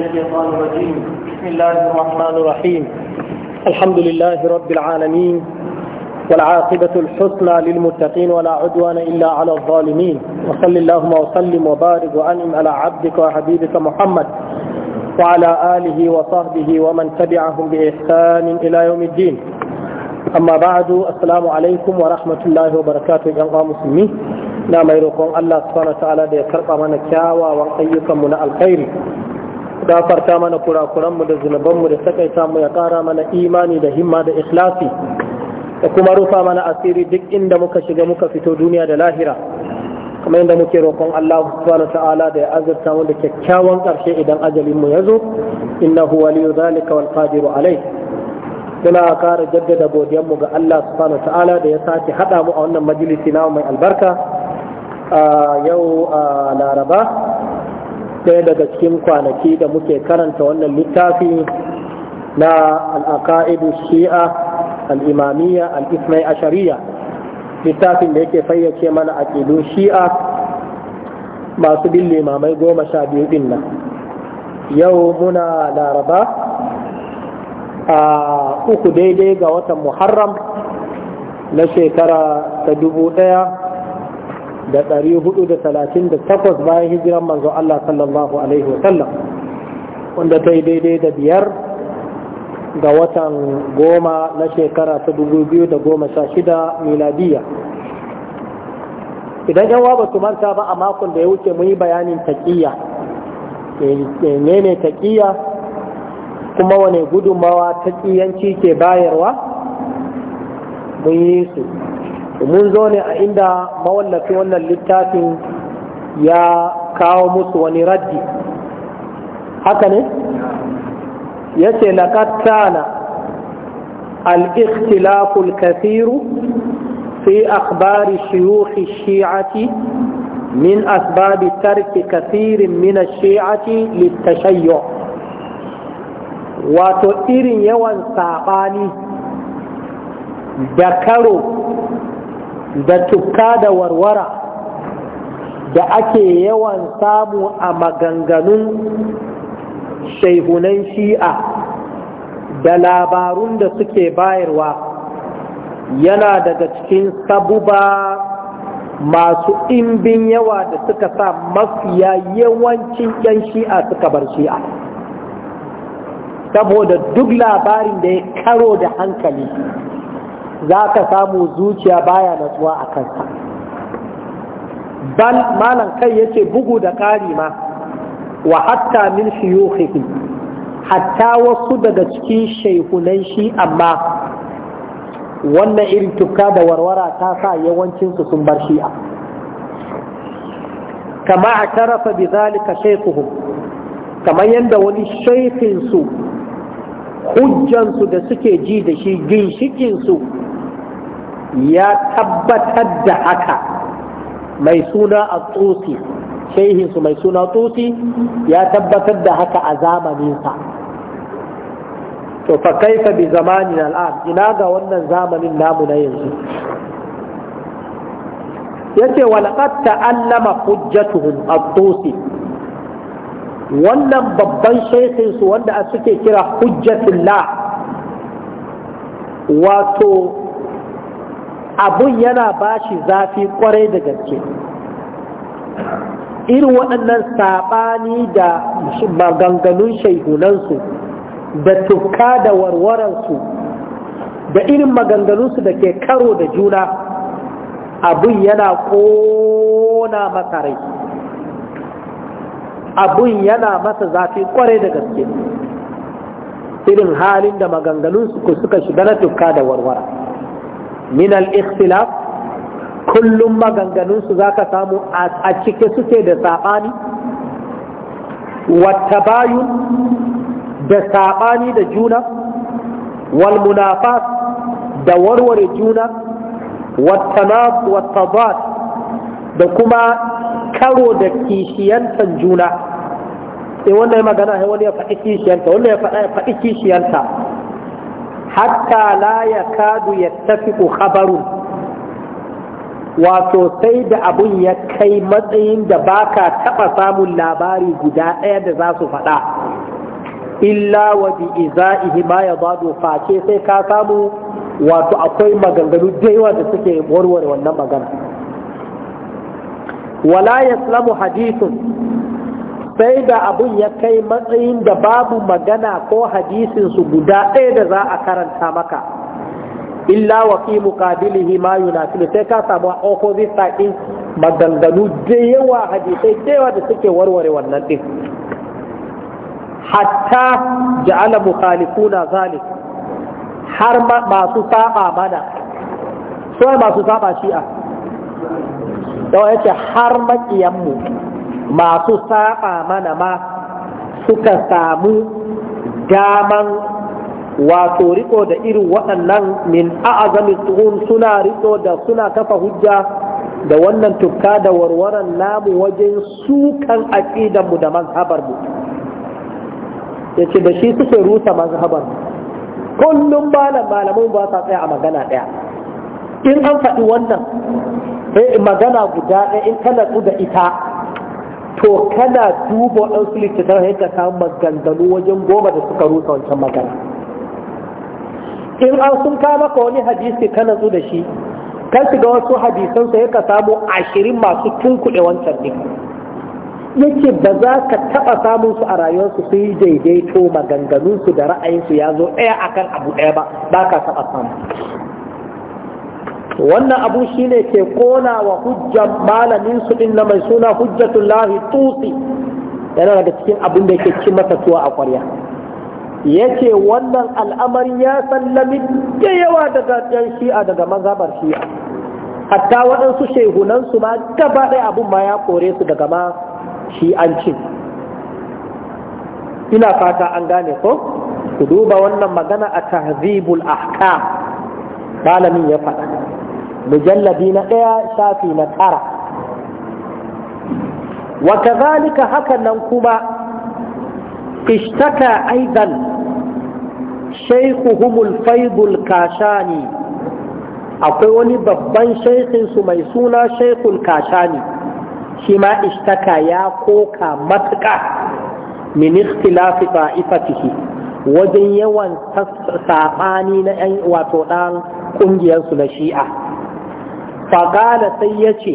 بسم الله الرحمن الرحيم الحمد لله رب العالمين والعاقبة الحسنى للمتقين ولا عدوان إلا على الظالمين وصل اللهم وسلم وبارك وأنم على عبدك وحبيبك محمد وعلى آله وصحبه ومن تبعهم بإحسان إلى يوم الدين أما بعد السلام عليكم ورحمة الله وبركاته يا مسلمين نعم يرقون الله سبحانه وتعالى wa من كاوى ya من الخير gafarta mana kurakuranmu da zunubanmu da takaita mu ya kara mana imani da himma da ikhlasi da kuma rufa mana asiri duk inda muka shiga muka fito duniya da lahira kuma inda muke roƙon Allah subhanahu ta'ala da ya azurta mu da kyakkyawan ƙarshe idan ajalin mu ya zo innahu waliyu zalika wal qadiru alai muna ƙara jaddada godiyar mu ga Allah subhanahu ta'ala da ya sake hada mu a wannan majalisi na mai albarka yau a laraba ɗaya daga cikin kwanaki da muke karanta wannan littafi na alaƙa'idu shi'a al'imamiyya al'ismai ashariya littafin da yake fayyace mana aƙidun shi'a masu bin limamai goma sha biyu ɗin nan yau muna laraba a uku daidai ga watan muharram na shekara ta dubu ɗaya da ɗari hudu da talatin da takwas bayan hijiran manzo Allah sallallahu alaihi wasallam wanda ta yi daidai da biyar ga watan goma na shekara ta dubu biyu da goma sha shida miladiya idan yan ba su manta ba a makon da ya wuce mun yi bayanin taƙiyya eh, ne ne taƙiyya kuma wane gudunmawa ta ke bayarwa mun yi su mun zo ne a inda mawallafin wannan littafin ya kawo musu wani raddi haka ne ya ce laƙad kana al-ikhtilaful kathiru fi akhbari shiyuhi shi'ati min asbabi tarki kathirin min shi'ati litashayyu wato irin yawan saɓani da karo da tukka da warwara da ake yawan samu a maganganun shaihunan shi'a da labarun da suke bayarwa yana daga cikin sabuba masu ɗimbin yawa da suka sa mafiya yawancin 'yan shi'a suka bar shi'a saboda duk labarin da ya karo da hankali za ka samu zuciya baya natsuwa a kansa bal malam kai yace bugu da ƙari ma wa hatta min shuyukhihi hatta wasu daga cikin shaihunan shi amma wannan irin tukka da warwara ta sa yawancinsu sun bar shi'a kama a tarafa bi zalika kamar yadda wani shaifinsu hujjansu da suke ji da shi ginshikinsu ya tabbatar da haka mai suna a tsosi shehinsu mai suna tsosi ya tabbatar da haka a zamaninsa to fa kaifa bi zamanin al'ad ina ga wannan zamanin namu na yanzu yace walaqad ta'allama hujjatuhum a tusi wannan babban shaihinsu wanda suke kira la, wato abun yana ba shi zafi kwarai da gaske irin waɗannan saɓani da maganganun shaihunansu da tukka da warwaransu da irin maganganunsu da ke karo da juna abun yana ƙona masa rai abun yana masa zafi kwarai da gaske irin halin da maganganunsu suka shiga na tukka da warwara Minal al kullum maganganunsu za ka samu a cike suke da saɓani wata bayu da saɓani da juna wal da warware juna wata bat da kuma karo da kishiyantan juna eh, sai wanda magana ya faɗi kishiyanta ya faɗi kishiyanta hatta la tafi yattafiqu khabarun wato sai da abun ya kai matsayin da baka taɓa samun labari guda ɗaya da za su faɗa illa wa bi iza'ihi ma ya zado face sai ka samu wato akwai maganganu da da suke warware wannan magana wala yaslamu hadithun sai da abun ya kai matsayin da babu magana ko hadisin su guda ɗaya da za a karanta maka illa wa fi muqabilihi ma yunafilu sai ka samu opposite side din maganganu da yawa hadisai da yawa da suke warware wannan din hatta ja'ala mukhalifuna zalik har masu saba mana sai masu saba shi'a yawa yace har makiyan mu masu saba mana ma suka samu daman wato riko da irin waɗannan min a'azami tuhum suna riko da suna kafa hujja da wannan tukka da warwaran namu wajen sukan aƙidanmu da mazhabarmu ya ce da shi suke rusa mazhabarmu kullum malam malamin ba sa tsaya a magana ɗaya in an faɗi wannan magana guda ɗaya in ka da ita to kana duba ɗansu littattafai haika samu maganganu wajen goma da suka rusa wancan magana in an sun kama ka wani hadisi ka natsu da shi kan shiga wasu hadisan sai ka samu ashirin masu tunkuɗe wancan ɗin yake ba za ka taɓa samun su a rayuwarsu sai daidaito maganganunsu da ra'ayinsu ya zo ɗaya akan abu ɗaya ba ba ka taɓa samu wannan abu shine ke kona wa hujjan malamin su din na mai suna lahi tusi. yana daga cikin abin da yake cin masa tuwa a kwarya yace wannan al'amari ya sallami da yawa daga yan shi'a daga mazhabar shi'a hatta waɗansu shehunansu su ma gaba ɗaya abin ma ya kore su daga ma shi'ancin ina fata an gane ko ku duba wannan magana a tahzibul ahkam malamin ya faɗa mujallabi na ɗaya shafi na tara wakazalika kazalika hakan nan kuma ishtaka aidan shaykhuhumul faidul kashani akwai wani babban shaykhinsu mai suna shaykhul kashani shi ma ishtaka ya koka matuƙa min ikhtilafi ta'ifatihi wajen yawan saɓani na ‘yan wato ɗan ƙungiyarsu na shi'a faƙala sai ya ce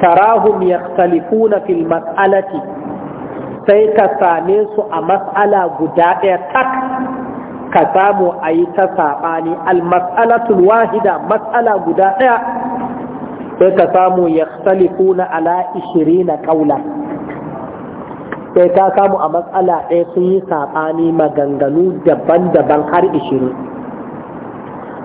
tarahum yakhtalifuna fil mas'alati sai ka same su a mas'ala guda ɗaya tak ka samu a yi ta saɓani al wahida mas'ala guda ɗaya sai ka samu yakhtalifuna ala 20 qawlan sai ta samu a matsala ɗaya sun yi saɓani maganganu daban-daban har ishirin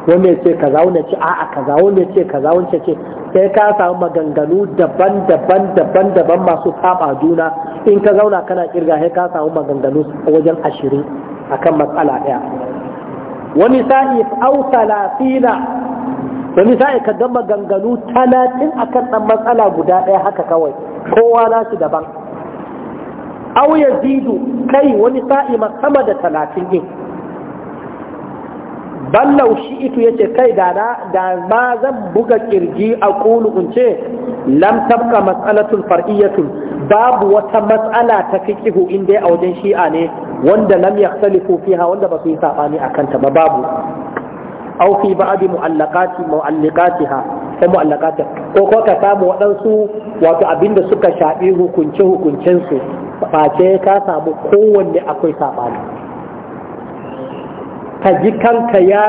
wanda ya ce kaza wanda ya ce a'a kaza wanda ya ce kaza wanda ya ce sai ka samu maganganu daban-daban daban-daban masu saba juna in ka zauna kana kirga sai ka samu maganganu wajen ashirin akan matsala ɗaya wani sa'i au talatina wani sa'i ka ga maganganu talatin akan ɗan matsala guda ɗaya haka kawai kowa na daban au yazidu kai wani sa'i sama da talatin din ballau shi itu yake kai da da ba zan buga kirji a kulu in ce lam tabka mas'alatul far'iyyatun babu wata mas'ala ta fiqhu in dai a wajen shi'a ne wanda lam yakhtalifu fiha wanda ba su yi sabani akan ta ba babu aw fi ba'di mu'allaqati mu'allaqatiha ko mu'allaqati ko ko ka samu wadansu wato abinda suka shafi hukunce hukuncen su ba ce ka samu kowanne akwai sabani ka ji kanka ya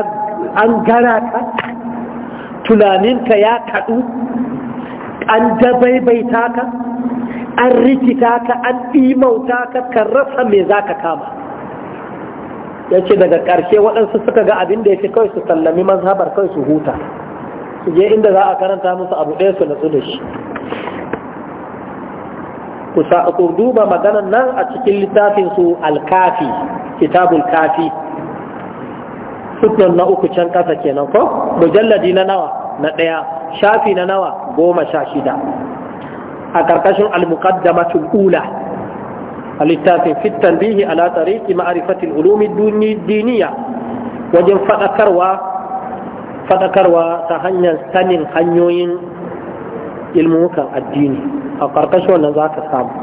an gara ka tunaninka ya kaɗu an dabaibaita ka an rikita ka an imauta ka ka rasa me za ka kama ya ce daga ƙarshe waɗansu suka ga abin da ya fi kawai su sallami mazhabar kawai su huta su je inda za a karanta musu abu ɗaya su natsu da shi ku duba maganan nan a cikin littafin su alkafi kitabul kafi footnote na uku can kasa kenan ko mujalladi na nawa na ɗaya shafi na nawa goma sha shida a ƙarƙashin al-muqaddamatul ula a littafin fitan bihi ala tariki ma'arifatil ulumi duniya wajen fadakarwa ta hanyar sanin hanyoyin ilmukan addini a ƙarƙashin wannan za ka samu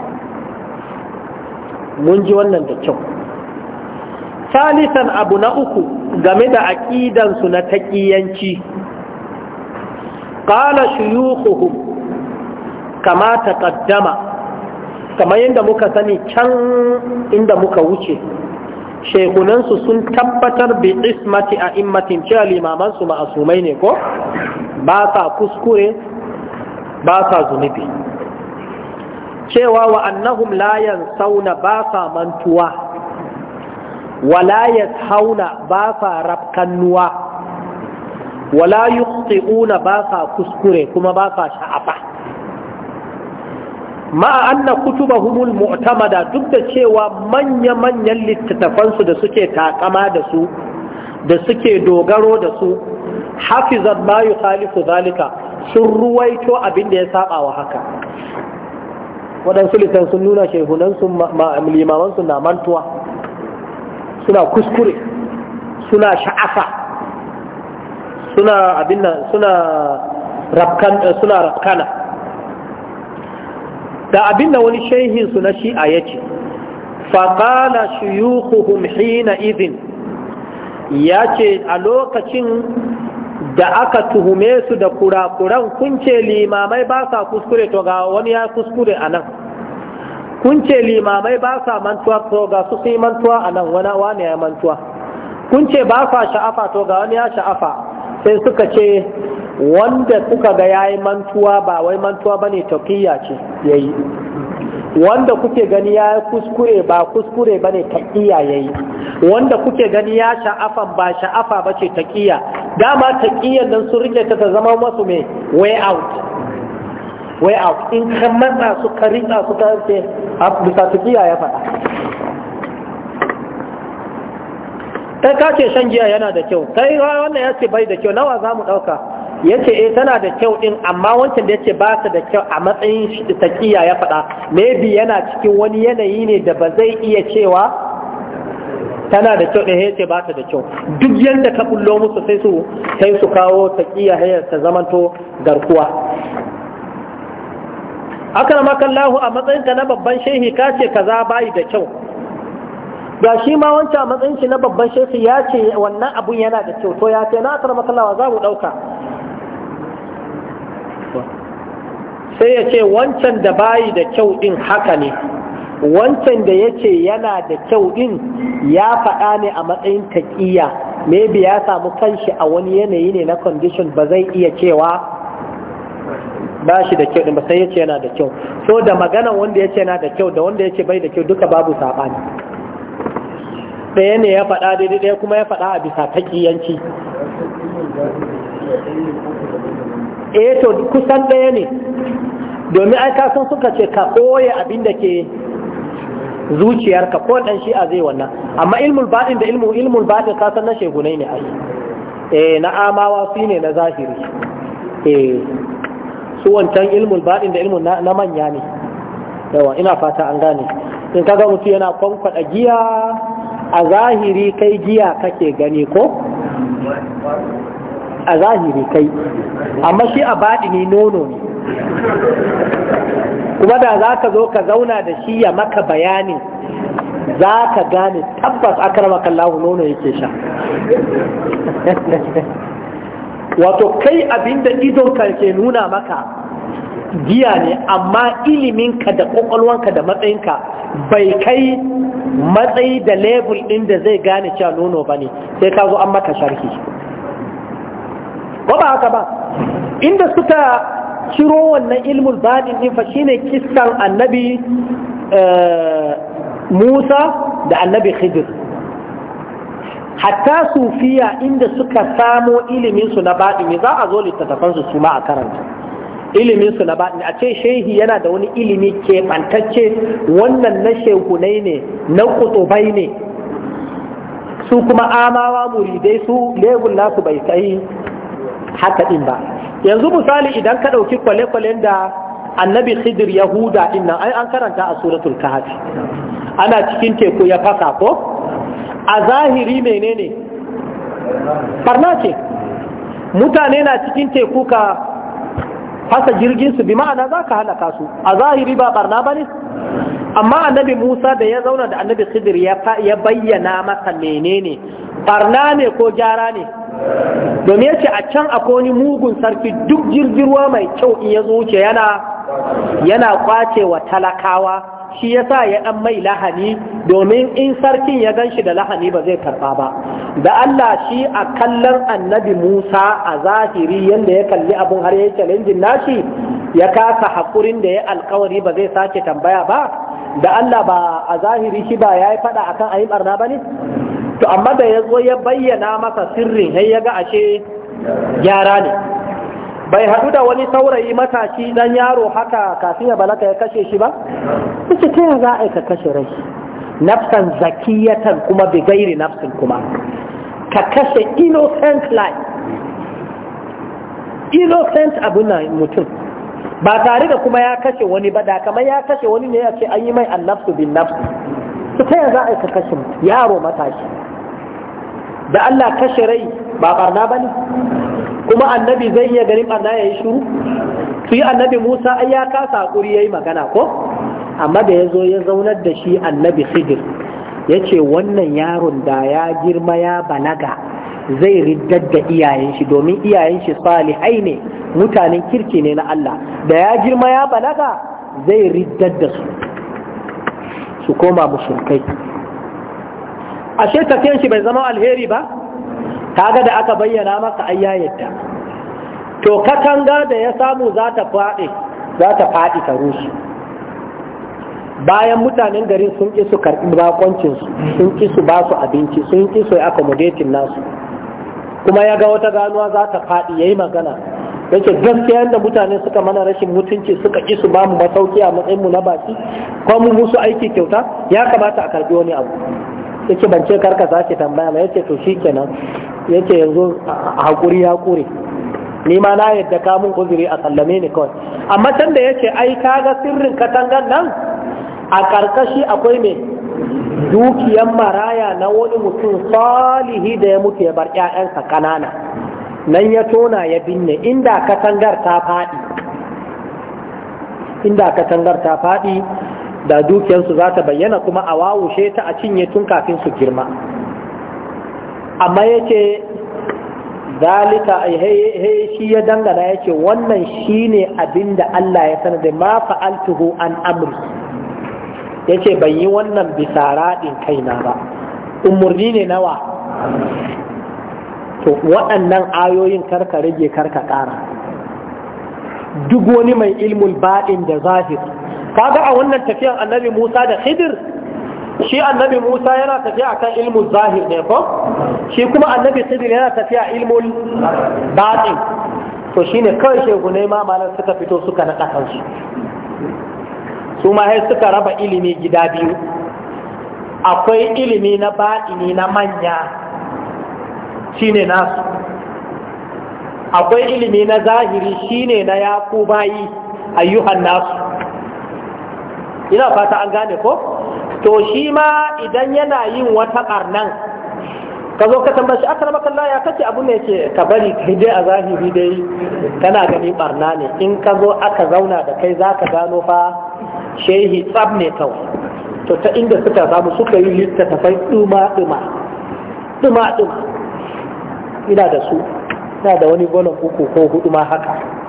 mun ji wannan da kyau salisan abu na uku game da aƙidansu na taƙiyanci ƙala shuyukuhu kama ƙaddama, kamar yadda muka sani can inda muka wuce shekunansu sun tabbatar bi ismati a immatin cewa limamansu ma'asumai ne ko ba sa kuskure ba sa zunubi cewa wa annahum la sauna ba sa mantuwa wala hauna ba sa rafkannuwa wala yuqti'una ba sa kuskure kuma ba sa sha'afa ma'a kutuba kutubahumul mu'tamada duk da cewa manya-manyan littattafansu da suke takama da su da suke dogaro da su hafizan ma yukhalifu zalika sun ruwaito abin da ya saba wa haka waɗansu littan sun nuna shehunansu limamansu na mantuwa suna kuskure suna sha'afa suna abinna suna eh, suna rafkana da abin da wani su na shi'a yace fa qala shuyukhuhum hina izin yace a lokacin da aka tuhume su da kurakuran kunce limamai ba sa kuskure to ga wani ya kuskure anan. nan kun ce limamai ba sa mantuwa to ga su sai mantuwa a nan wani wani ya mantuwa kun ce ba sa sha'afa to ga wani ya sha'afa sai suka ce wanda kuka ga ya yi mantuwa ba wai mantuwa bane tafiya ce ya yi. wanda kuke gani ya yi kuskure ba kuskure bane ya yi. wanda kuke gani ya sha'afan ba sha'afa ba ce taqiya dama taqiyan nan sun rike ta zama masu mai way out wai a in ka matsa su ka su ta ce bisa tafiya ya faɗa ka ce shan giya yana da kyau kai wannan ya ce bai da kyau nawa za mu ɗauka ya ce eh tana da kyau ɗin amma wancan da ya ce ba ta da kyau a matsayin taƙiya ya faɗa maybe yana cikin wani yanayi ne da ba zai iya cewa tana da kyau ɗin ya ce ba ta da kyau duk yadda ka bullo musu sai su sai su kawo taƙiya ta zamanto garkuwa aka maka kallahu a matsayinka na babban shehi ka ce kaza bayi da kyau ga shi ma wancan a matsayin shi na babban shehi ya ce wannan abun yana da kyau to ya ce na aka maka Allahu za mu ɗauka. sai ya ce wancan da bayi da kyau din haka ne wancan da ya ce yana da kyau din ya faɗa ne a matsayin taƙiya maybe ya samu kanshi a wani yanayi ne na condition ba zai iya cewa ba shi da kyau ba sai yace yana da kyau so da magana wanda yace yana da kyau da wanda yace bai da kyau duka babu ne, ɗaya ne ya faɗa daidai ɗaya kuma ya faɗa a bisa ƙiyanci eh to kusan ɗaya ne domin ai san suka ce ka ɓoye abin da ke zuciyarka ko ɗan shi'a zai wannan amma ilmul baɗin da ilmul ilmul baɗin kasan na shegunai ne ai eh na amawa su ne na zahiri eh su wancan ilmul baɗin da ilmun na manya ne yawa ina fata an gane in kaga mutu yana kwankwada giya a zahiri kai giya kake gani ko a zahiri kai amma shi a baɗini nono ne kuma da za ka zo ka zauna da shi ya maka bayanin za ka gane tabbas akarama kallahu nono yake sha wato kai abinda idonka ke nuna maka giya ne amma iliminka da kwakwalwanka da matsayinka bai kai matsayi da lebur ɗin da zai gane cewa nono ba ne sai ka zo an maka sharhi ba ba haka ba inda suka ciro wannan ilmul badin din fa shine kissan annabi eh, musa da annabi khidir hatta sufiya inda suka samo iliminsu na baɗini za a zo littattafansu su ma a karanta iliminsu na baɗini a ce shehi yana da wani ilimi keɓantacce wannan na shehunai ne na kutubai ne su kuma amawa muridai su lebun nasu bai kai haka ɗin ba yanzu misali idan ka ɗauki kwale-kwalen da annabi khidir yahuda ɗin nan an karanta a suratul kahfi ana cikin teku ya fasa ko a zahiri menene barna ce mutane na cikin teku ka fasa jirgin su bi ma'ana za ka halaka su a zahiri ba barna ba ne amma annabi musa da ya zauna da annabi khidir ya bayyana masa menene barna ne ko gyara ne domin ya ce a can akwai wani mugun sarki duk jirgin ruwa mai kyau in ya zo yana yana kwace wa talakawa shi yasa ya ɗan mai lahani domin in sarkin ya gan shi da lahani ba zai karba ba da Allah shi a kallon annabi Musa a zahiri yadda ya kalli abun har ya challenge nashi ya kasa haƙurin da ya alƙawari ba zai sake tambaya ba da Allah ba a zahiri shi ba ya yi fada akan ayi ɓarna ba ne to amma da ya zo ya bayyana masa sirrin har ya ga ashe gyara ne bai haɗu da wani saurayi matashi dan yaro haka kafin ya balaka ya kashe shi ba suke ta za a ka kashe rai nafsan zakiyatan kuma bi gairi nafsin kuma ka kashe innocent life innocent abin nan mutum ba tare da kuma ya kashe wani ba da kamar ya kashe wani ne ya ce an yi mai annafsu bin nafsu su ta za a ka kashe yaro matashi da Allah kashe rai ba barna ba ne kuma annabi zai iya ganin barna ya yi shuru su yi annabi musa ai ya kasa hakuri ya yi magana ko amma da ya zo ya zaunar da shi annabi khidir ya ce wannan yaron da ya girma ya balaga zai riddar da iyayen shi domin iyayen shi salihai ne mutanen kirki ne na Allah da ya girma ya balaga zai riddar da su su koma musulkai ashe tafiyan shi bai zama alheri ba kaga da aka bayyana maka ayya yadda, to katanga da ya samu za ta faɗi za ta faɗi ta rushe bayan mutanen garin sun ƙi su karɓi bakoncinsu sun ƙi su ba su abinci sun ƙi su accommodating nasu kuma ya ga wata ganuwa za ta faɗi ya yi magana yake gaskiya da mutane suka mana rashin mutunci suka ki su bamu masauki a matsayinmu na baki ko mu musu aiki kyauta ya kamata a karɓi wani abu yace ban ce karka sake tambaya ba yace to shikenan yace yanzu hakuri ya kure ni ma na yadda ka mun uzuri a sallame ni kawai amma can da yace ai ga sirrin katangan nan a ƙarƙashi akwai mai dukiyan maraya na wani mutum salihi da ya mutu ya bar ƴaƴansa ƙanana, nan ya tona ya binne inda katangar inda katangar ta faɗi da dukiyarsu za ta bayyana kuma a wawushe ta a cinye tun kafin su girma amma ya ce zalika shi ya dangana ya ce wannan shi ne abin da Allah ya sanar da ma fa'altuhu an amri ya ce ban yi wannan bisa raɗin kaina ba umarni ne nawa to waɗannan ayoyin karka rage karka ƙara duk wani mai ilmul ba'in da zahir. kaga a wannan tafiyan annabi Musa da Khidir shi annabi Musa yana tafiya akan ilmu zahir ne ko shi kuma annabi Khidir yana tafiya ilmul batin to shine kawai shegunai ma malan suka fito suka naɗa kansu su ma sai suka raba ilimi gida biyu akwai ilimi na baɗini na manya shine nasu akwai ilimi na zahiri shine na yaku bayi ayyuhan nasu ina fata an gane ko to shi ma idan yana yin wata barnan ka zo ka tambaye shi aka maka ya kace abu ne ke ka bari kai dai a zahiri dai kana gani barna ne in ka zo aka zauna da kai zaka gano fa shehi tsab ne kawai to ta inda suka samu suka yi fai duma duma duma duma ina da su ina da wani gonan uku ko hudu ma haka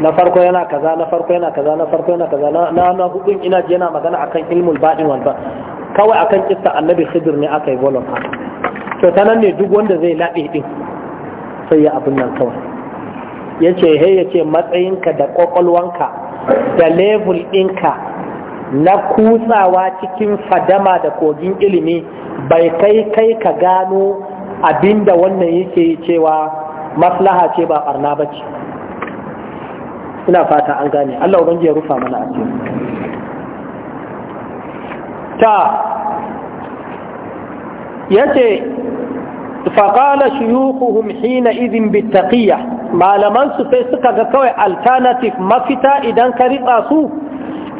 na farko yana kaza na farko yana kaza na farko yana kaza na na hudun ina ji yana magana akan ilmul ba'in wal kawai akan kissa annabi khidir ne aka yi bolon to ta nan ne duk wanda zai labe din sai ya abin nan kawai yace he yace matsayinka da ƙwaƙwalwanka da level ɗinka na kutsawa cikin fadama da kogin ilimi bai kai kai ka gano abinda wannan yake cewa maslaha ce ba barna ba ce ina fata an gane Allah ubangiji ya rufa mana asiri ta yace faqala shuyukhuhum hina idhin bittaqiyya malaman su sai suka ga kawai alternative mafita idan ka ritsa su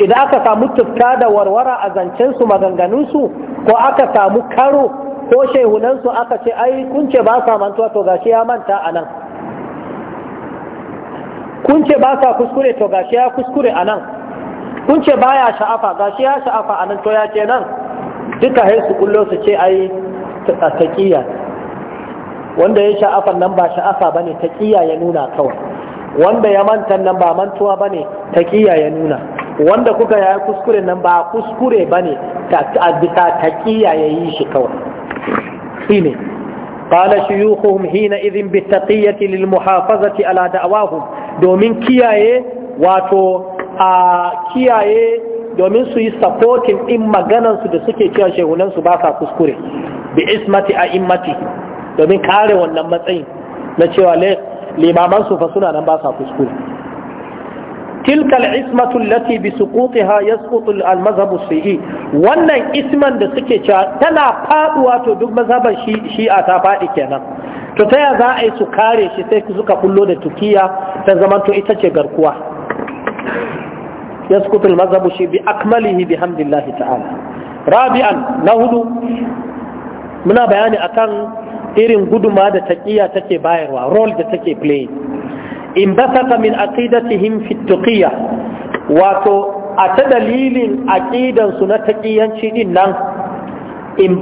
idan aka samu tufka da warwara a zancen su maganganun su ko aka samu karo ko shehunansu aka ce ai kun ce ba sa mantuwa to gashi ya manta anan kun ce ba sa kuskure to gashi ya kuskure a nan kun ce ba ya sha'afa gashi ya sha'afa a nan to ya ce nan duka hai su kullo su ce ai taƙiyya wanda ya sha'afa nan ba sha'afa ba ne taƙiyya ya nuna kawai wanda ya manta nan ba mantuwa ba ne taƙiyya ya nuna wanda kuka ya kuskure nan ba kuskure ba ne a bisa taƙiyya ya yi shi kawai shi ne قال شيوخهم حينئذ بالتقية للمحافظة على دعواهم domin kiyaye wato a kiyaye domin su yi supporting in maganansu da suke cewa shehunansu ba sa kuskure bi ismati a immati domin kare wannan matsayin na cewa limamansu fa suna nan ba sa kuskure tilkal ismatu allati bi suqutiha yasqutu al mazhab shi'i wannan isman da suke cewa tana faduwa to duk mazhaban shi'a ta fadi kenan to ta ya za a yi su kare shi sai suka kullo da tukiya ta zaman to ita ce garkuwa yasqutu al mazhab shi bi akmalihi bihamdillahi ta'ala rabi'an na hudu muna bayani akan irin guduma da taqiya take bayarwa role da take play in min aqidatihim fi tuqiyya wato a ta dalilin aqidan su na taqiyanci din nan in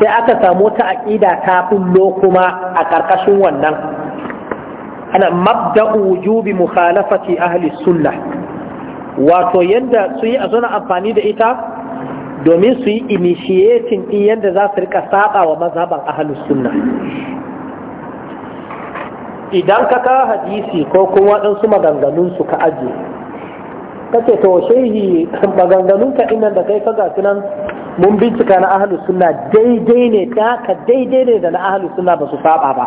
sai aka samu ta aqida ta kullo kuma a karkashin wannan ana mabda'u wujubi mukhalafati ahli sunnah wato yanda su yi a zona amfani da ita domin su yi initiating din yanda za su rika saba wa mazhaban ahlus sunnah idan ka ka hadisi ko kuma waɗansu maganganunsu ka aje kace to shehi maganganun ka inan da kai kaga sunan mun bincika na ahalus sunna daidai ne da ka daidai ne da na ahalus sunna ba su saba ba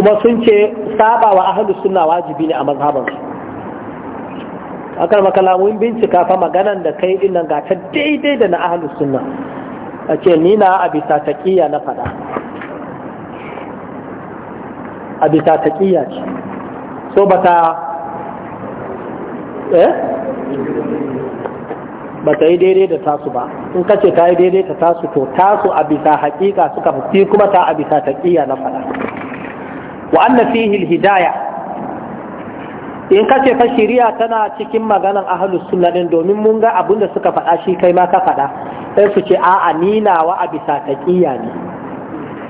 kuma sun ce saba wa ahalus sunna wajibi ne a mazhabansu kan makala mun bincika fa maganan da kai inan ga ta daidai da na ahalus sunna a ce ni na a bisa taqiya na faɗa a bisa ta ƙiya ce so ba ta eh ba ta yi daidai da tasu ba in ka ce ta yi daidai ta tasu to tasu a bisa haƙiƙa suka fi kuma ta a bisa ta ƙiya na faɗa wa anna fihi hidaya in ka ce fa shiriya tana cikin maganan ahlus sunna din domin mun ga abin da suka faɗa shi kai ma ka faɗa sai su ce a'a ni nawa a bisa ƙiya ne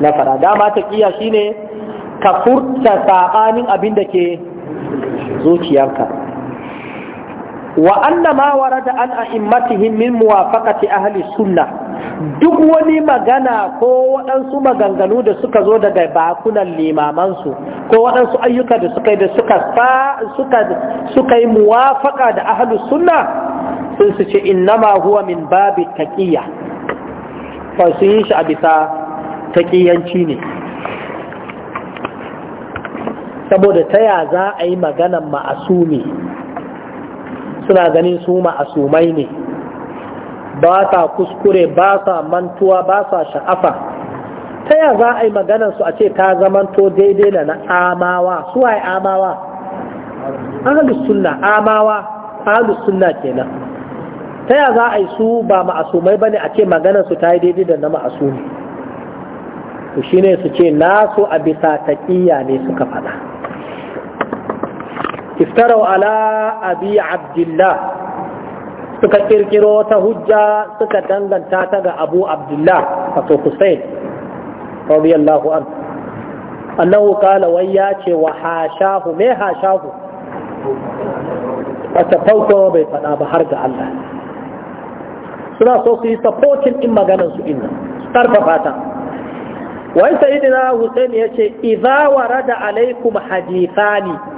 na faɗa dama taƙiyya shine ka furta saɓanin abin da ke zuciyarka wa anna ma warada an a'immatihim min muwafaqati ahli sunna duk wani magana ko waɗansu maganganu da suka zo daga bakunan limamansu ko waɗansu ayyuka da suka yi da suka suka suka yi muwafaqa da ahli sunna sun su ce innama huwa min babi taqiyya fa su yi shi a bisa taqiyanci ne saboda ta ya za a yi maganan ma'asumi suna ganin su ma'asumai ne ba sa kuskure ba sa mantuwa ba sa sha'afa ta ya za a yi maganan su a ce ta zamanto daidai da na amawa su waye amawa ahlus sunna amawa ahlus sunna kenan ta ya za a yi su ba ma'asumai ne a ce maganan su ta yi daidai da na ma'asumi shi ne su ce nasu a bisa taƙiyya ne suka faɗa iftarau ala abi abdullah suka kirkiro ta hujja suka danganta ta ga abu abdullah wato kusai, radiyallahu an annahu qala wai ya ce wa hashahu me hashahu wata fauko bai faɗa ba har ga Allah suna so su yi supporting in maganar su inna su karfafa ta wai sayyidina Hussein ya ce idza warada alaikum hadithani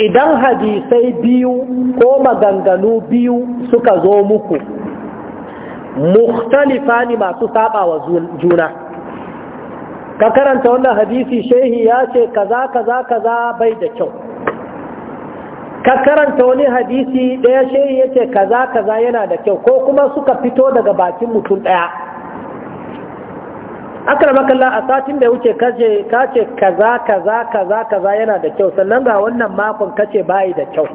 idan hadisai biyu ko maganganu biyu suka zo muku mukhtalifa ne masu saba wa juna ka karanta wannan hadisi shehi ya ce kaza kaza kaza bai da kyau ka karanta wani hadisi ɗaya shehi ya ce kaza kaza yana da kyau ko kuma suka fito daga bakin mutum ɗaya makalla a satin da wuce kace kace kaza kaza kaza kaza yana da kyau sannan ga wannan makon kace bai da kyau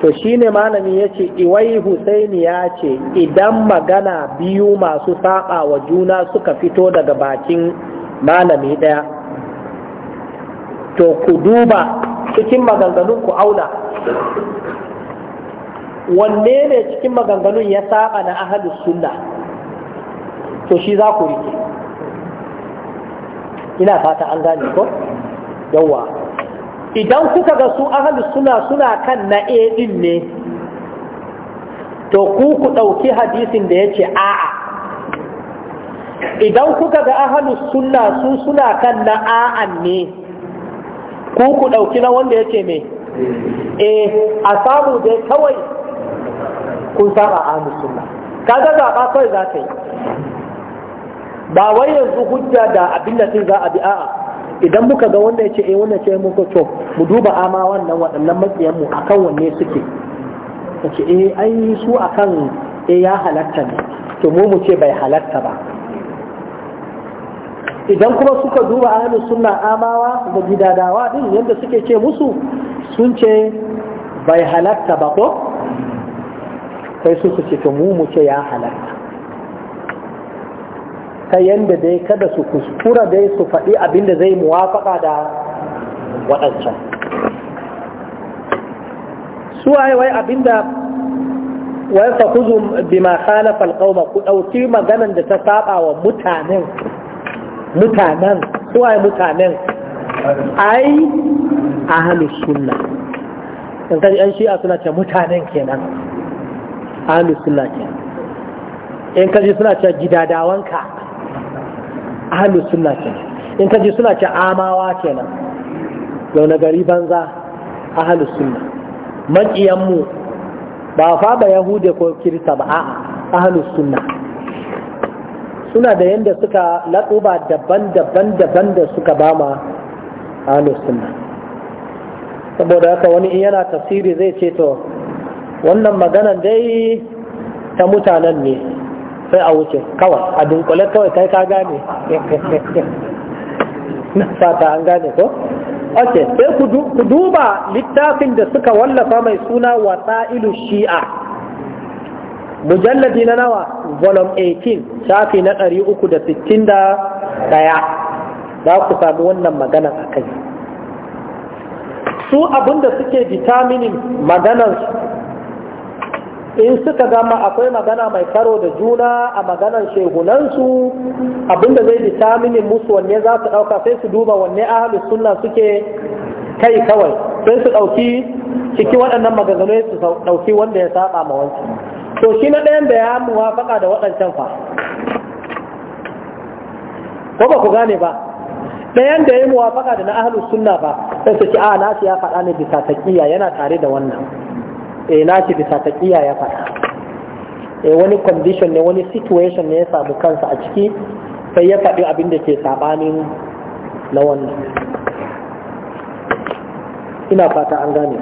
to shine malami yace iwai husaini ya ce idan magana biyu masu saba wa juna suka fito daga bakin malami daya to ku duba cikin maganganun ku auna wanne ne cikin maganganun ya saba na ahlus sunna to shi za ku rike ina fata an gane ko yawa idan kuka ga su ahalus suna suna kan na a din ne to ku ku ɗauki hadisin da yace a a'a idan kuka ga ahalus sunna su suna kan na an ne ku ku ɗauki na wanda yace me eh a samu dai kawai kun saba ahalus sunna kaga zaɓa kawai za ta yi ba wai yanzu hujja da abin da za a bi a'a idan muka ga wanda ya ce eh wannan sai mun to mu duba ama wannan waɗannan makiyan mu akan wanne suke kace eh ai su akan eh ya halatta ne to mu mu ce bai halatta ba idan kuma suka duba ahli sunna amawa da gidadawa din yadda suke ce musu sun ce bai halatta ba ko sai su ce to mu mu ce ya halatta ta yadda dai kada su kuskura dai su faɗi abinda zai muwafaƙa da waɗancan su wai abin da wai fa kuzu bima khalafa alqauma ku ɗauki maganan da ta saba wa mutanen mutanen su wai mutanen ai ahlus sunna in kaji an shi'a suna ce mutanen kenan ahlus sunna kenan in kaji suna ce gidadawanka ahalu suna kenan in ka ji suna ce amawa kenan zaune gari banza ahalu suna maƙiyanmu ba fa ba yahude ko kirista ba a'a ahalu suna suna da yadda suka laɗuba daban-daban daban da suka bama ahalu suna saboda haka wani in yana tafsiri zai ce to wannan maganan dai ta mutanen ne sai a wuce kawai a dunkule kawai kai ka gane na fata an gane ko ok sai ku duba littafin da suka wallafa mai suna wasa'ilu shi'a mujalladi na nawa volume 18 shafi na 361 za ku sami wannan magana a kai su abinda suke determining maganarsu in suka gama akwai magana mai karo da juna a maganar shehunansu abinda zai bitamini musu wanne za su ɗauka sai su duba wanne ahalu sunna suke kai kawai sai su ɗauki ciki waɗannan maganganu su ɗauki wanda ya saba ma wancan to shi na ɗayan da ya muwafaka da waɗancan fa ko ba ku gane ba ɗayan da ya muwafaka da na ahalu sunna ba sai su ci a na ya faɗa ne bisa taƙiya yana tare da wannan eh nashi bisa ta kiya ya faɗa e wani condition ne wani situation ne ya samu kansa a ciki sai ya faɗi abin da ke sabanin na wannan ina fata an gane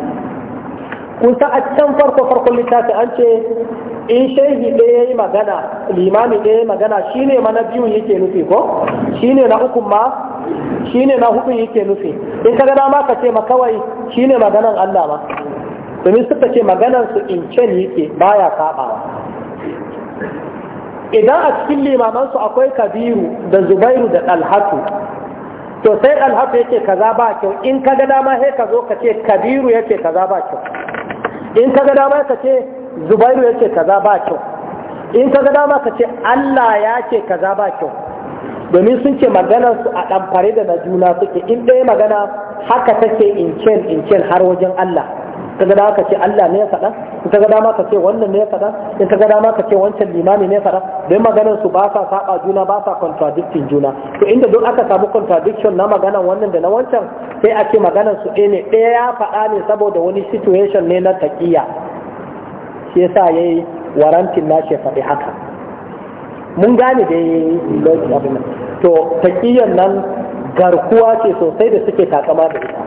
kun sa a can farko farkon littafi an ce in shehi ɗaya ya yi magana limami ɗaya ya yi magana shi ne ma na biyu yake nufi ko shi ne na hukun ma shi ne na hukun yake nufi in ka gana ma ka ce ma kawai shi ne maganan Allah ma domin suka ce maganansu in ce ne yake baya sabawa idan a cikin limamansu akwai kabiru da zubairu da dalhatu to sai dalhatu yake kaza ba kyau in ka ga dama sai ka zo ka ce kabiru yake kaza ba kyau in ka ga dama ka ce zubairu yake kaza ba kyau in ka ga dama ka ce Allah ya ce kaza ba kyau domin sun ce maganar a ɗanfare da na juna suke in ɗaya magana haka take in in cen har wajen Allah ka ga da ce Allah ne ya faɗa in ka ga dama ka ce wannan ne ya faɗa in ka ga dama ka ce wancan limami ne ya faɗa don maganar su ba sa saba juna ba sa contradicting juna to inda duk aka samu contradiction na maganar wannan da na wancan sai ake ce maganar su ɗaya ne ɗaya ya faɗa ne saboda wani situation ne na taqiya shi yasa yayi warantin shi faɗi haka mun gane da abin to taqiyan nan garkuwa ce sosai da suke takama da ita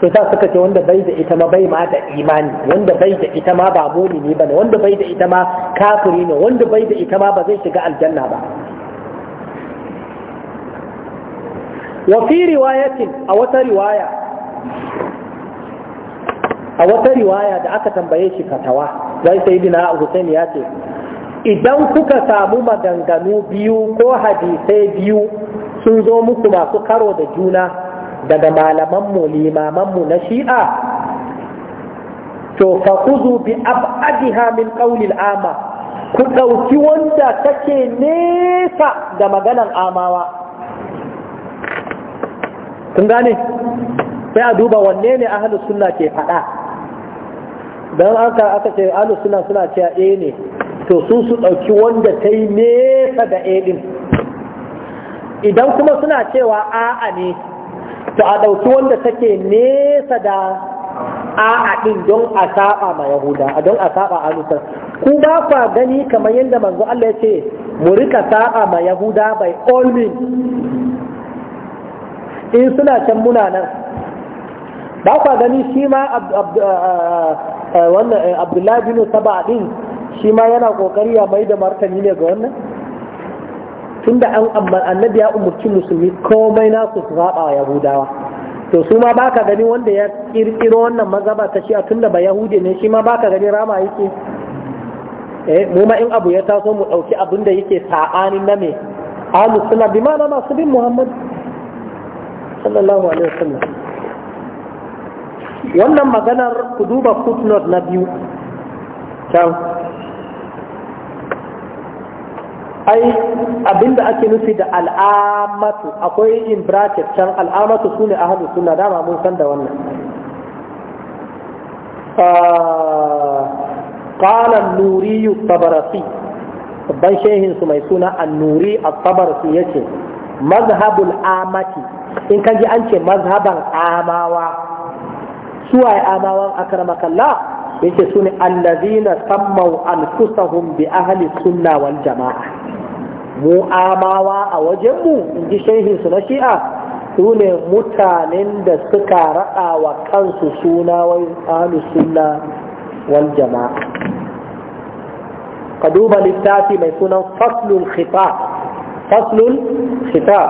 sai sa suka ce wanda bai da ita ma bai ma da imani wanda bai da ita ma ba mumini bane wanda bai da ita ma kafiri ne wanda bai da ita ma ba zai shiga aljanna ba wa fi riwayatin a wata riwaya a wata riwaya da aka tambaye shi fatawa zai sai dina Hussein ya ce idan kuka samu maganganu biyu ko hadisai biyu sun zo muku masu karo da juna daga malamanmu limamanmu na shi'a to fa kuzu bi ab'adiha min qawlil ama ku ɗauki wanda take nesa da maganan amawa kun gane sai a duba wanne ne ahlus sunna ke faɗa dan aka aka ce ahlus sunna suna cewa A ne to su su ɗauki wanda ta yi nesa da A din idan kuma suna cewa a'a ne to a ɗauki wanda take nesa da a'a ɗin don a saba ma yahuda a don a saba nusar ku ba kwa gani kamar yadda manzo Allah ya ce mu rika saba ma yahuda by all means in suna can muna nan ba kwa gani shi ma uh, uh, uh, wannan abdullahi bin saba ɗin shi ma yana kokari ya mai da martani ne ga wannan tunda an annabi ya umarci musulmi komai nasu su zaɓa wa yahudawa to su ma baka gani wanda ya ƙirƙiro wannan mazhaba ta shi'a tunda ba yahudi ne shi ma baka gani rama yake eh mu ma in abu ya taso mu ɗauki abin da yake sa'ani na me ahlus sunna bi ma masu bin muhammad sallallahu alaihi wasallam wannan maganar ku duba footnote na biyu ai abinda ake nufi da al'amatu akwai in bracket can al'amatu su ne ahalu suna dama mun san da wannan ah, qala nuri tabarasi babban shehin su mai suna annuri at-tabarasi yace mazhabul amati in kaji an ce mazhaban amawa suwaye amawan akramakallah suna sune allazina sammau anfusahum bi ahli sunna wal jamaa Mu'amawa a wajenmu in ji shehinsu na shi'a su ne mutanen da suka raɗa wa kansu suna wai sunna wal jama'a ka duba littafi mai sunan faslul khitab faslul khitab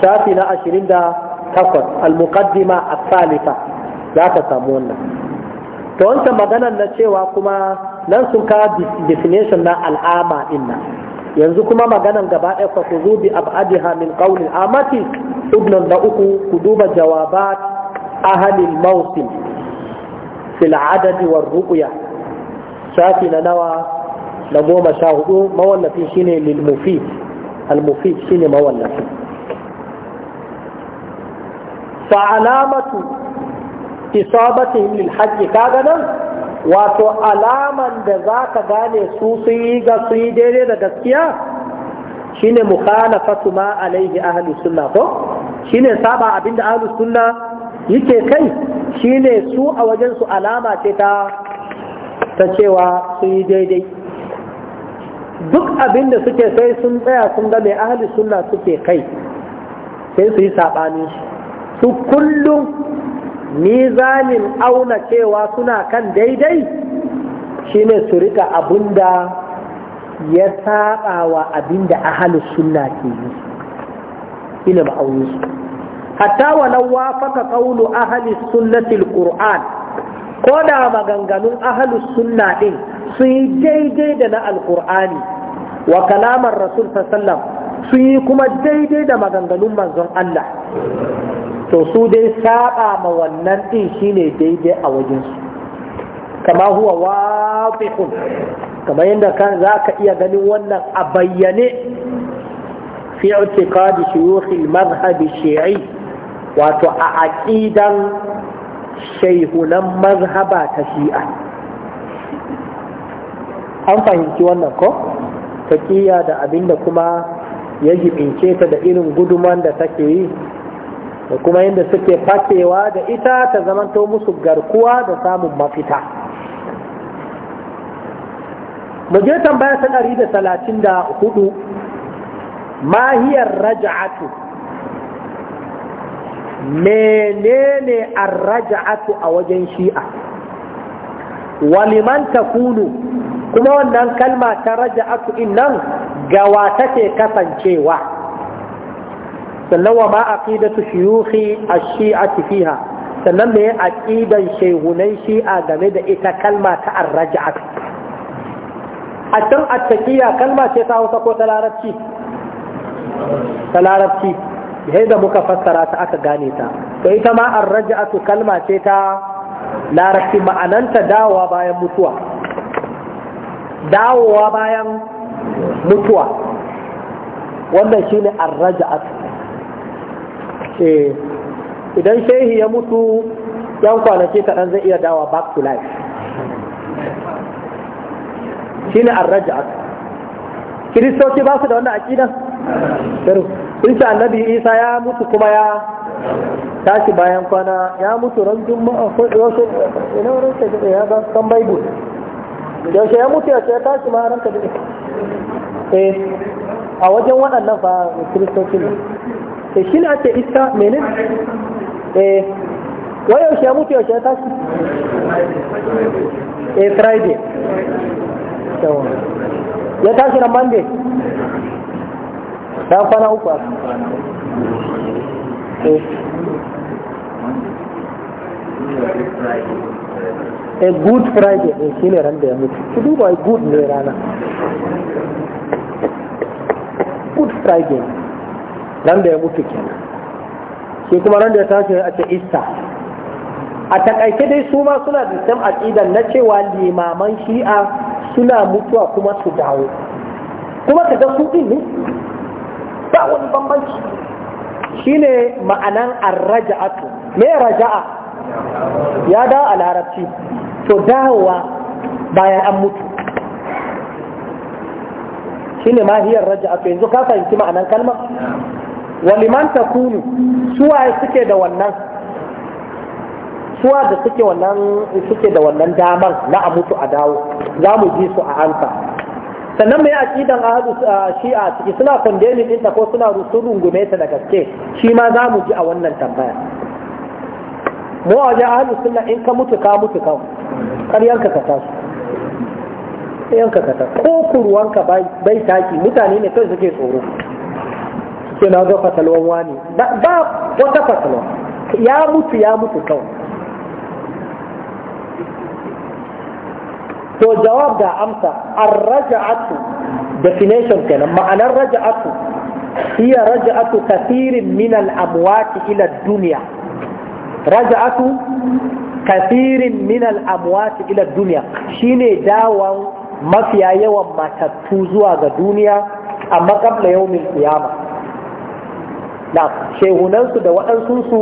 shafi na ashirin da takwas al-muqaddima za ka samu wannan to wancan maganar na cewa kuma nan sun kawo definition na al'ama inna yanzu kuma maganan gaba ɗaya fa kuzu bi ab'adiha min qawli amati ibn da uku ku duba jawabat ahli al-mawsim fil adad war ruqya shafi na nawa na goma sha hudu mawallafi shine lil mufid al mufid shine mawallafi fa alamatu isabatihim lil hajj kaga nan wato alaman da za ka gane su sun yi ga sun yi daidai da gaskiya shine mukhalafatu ma alaihi ahlus sunna ko shine saba abinda ahlus sunna yake kai shine su a wajen su alama ce ta ta cewa sun yi daidai duk abinda suke sai sun tsaya sun ga mai ahlus sunna suke kai sai su yi su kullum mizanin auna cewa suna kan daidai shine su rika abin da ya saba wa abin da ahalus sunna ke yi ina su. hatta walau wafaka qawlu ahli sunnati alquran ko da maganganun ahalus sunna din su yi daidai da na alqur'ani wa kalamar rasul sallallahu su yi kuma daidai da maganganun manzon Allah to su dai saba ma wannan din shine daidai a wajen su? kama huwa wafiqun kamar yanda kan za ka iya ganin wannan a bayyane fi i'tiqadi shuyukh mazhabi shii wato a aqidan shaihunan madhhaba ta shi'a an fahimci wannan ko taqiya da abinda kuma ya jibince ta da irin guduman da take yi da kuma yadda suke fakewa da ita ta zamanto musu garkuwa da samun mafita mu je tambaya ta ɗari da talatin da hudu mahiyar raja'atu menene arraja'atu a wajen shi'a waliman kunu kuma wannan kalma ta raja'atu in nan gawa take kasancewa sannan wa ma aqidatu shuyukhi ash-shi'ati fiha sannan me aqidan shehunai shi'a game da ita kalma ta a rajat a can attaqiya kalma ce ta Hausa ko ta Larabci ta Larabci sai da muka fassara ta aka gane ta to ita ma ar-raj'atu kalma ce ta Larabci ma'ananta dawowa bayan mutuwa dawowa bayan mutuwa wannan shi ne ar-raj'atu Eh, idan shehi ya mutu yan kwanaki kaɗan zai iya dawa back to life shi ne arraja kiristoci ba su da wannan aƙidan in ce annabi isa ya mutu kuma ya tashi bayan kwana ya mutu ran juma'a ko yaushe ina wurin ka dade ya ga kan bible yaushe ya mutu yaushe ya tashi ma ran ka dade eh, a wajen waɗannan fa kiristoci ne da eh, shi na ce iska mene eh wai yaushe ya mutu yaushe ya tashi eh friday ya tashi na monday dan kwana uku a a eh. eh, good friday ne shi ne ran da ya mutu ku duba good ne rana good friday ran da ya mutu kenan shi kuma ran da ya tashi a ce ista a takaice dai su ma suna da sam aqidan na cewa limaman shi'a suna mutuwa kuma su dawo kuma ka ga su din ne ba wani bambanci shine ma'anan arraja'atu me raja'a ya da a larabci to dawowa bayan an mutu shine ma hiyar raja'atu yanzu ka fahimci ma'anan kalmar waliman ta kunu suwa suke da wannan suwa da suke wannan suke da wannan damar na a mutu a dawo za mu ji su a ansa sannan mai aqidan ahadu shi'a ciki suna condemning din ta ko suna rusun rungume ta da gaske shi ma za mu ji a wannan tambaya mu a wajen ahadu sunna in ka mutu ka mutu ka yanka ka tashi yanka ka tashi ko kuruwanka bai taki mutane ne kai suke tsoro sai na zo fatalwan wani ba wata fatalwa ya mutu ya mutu kawai to jawab da amsa an raja'atu definition kenan ma'anar raja'atu هي رجعة كثير من الأموات إلى الدنيا رجعة كثير من الأموات إلى الدنيا شيني داوا ما في يوم ما تتوزوا الدنيا أما قبل يوم القيامة na shehunansu da waɗansunsu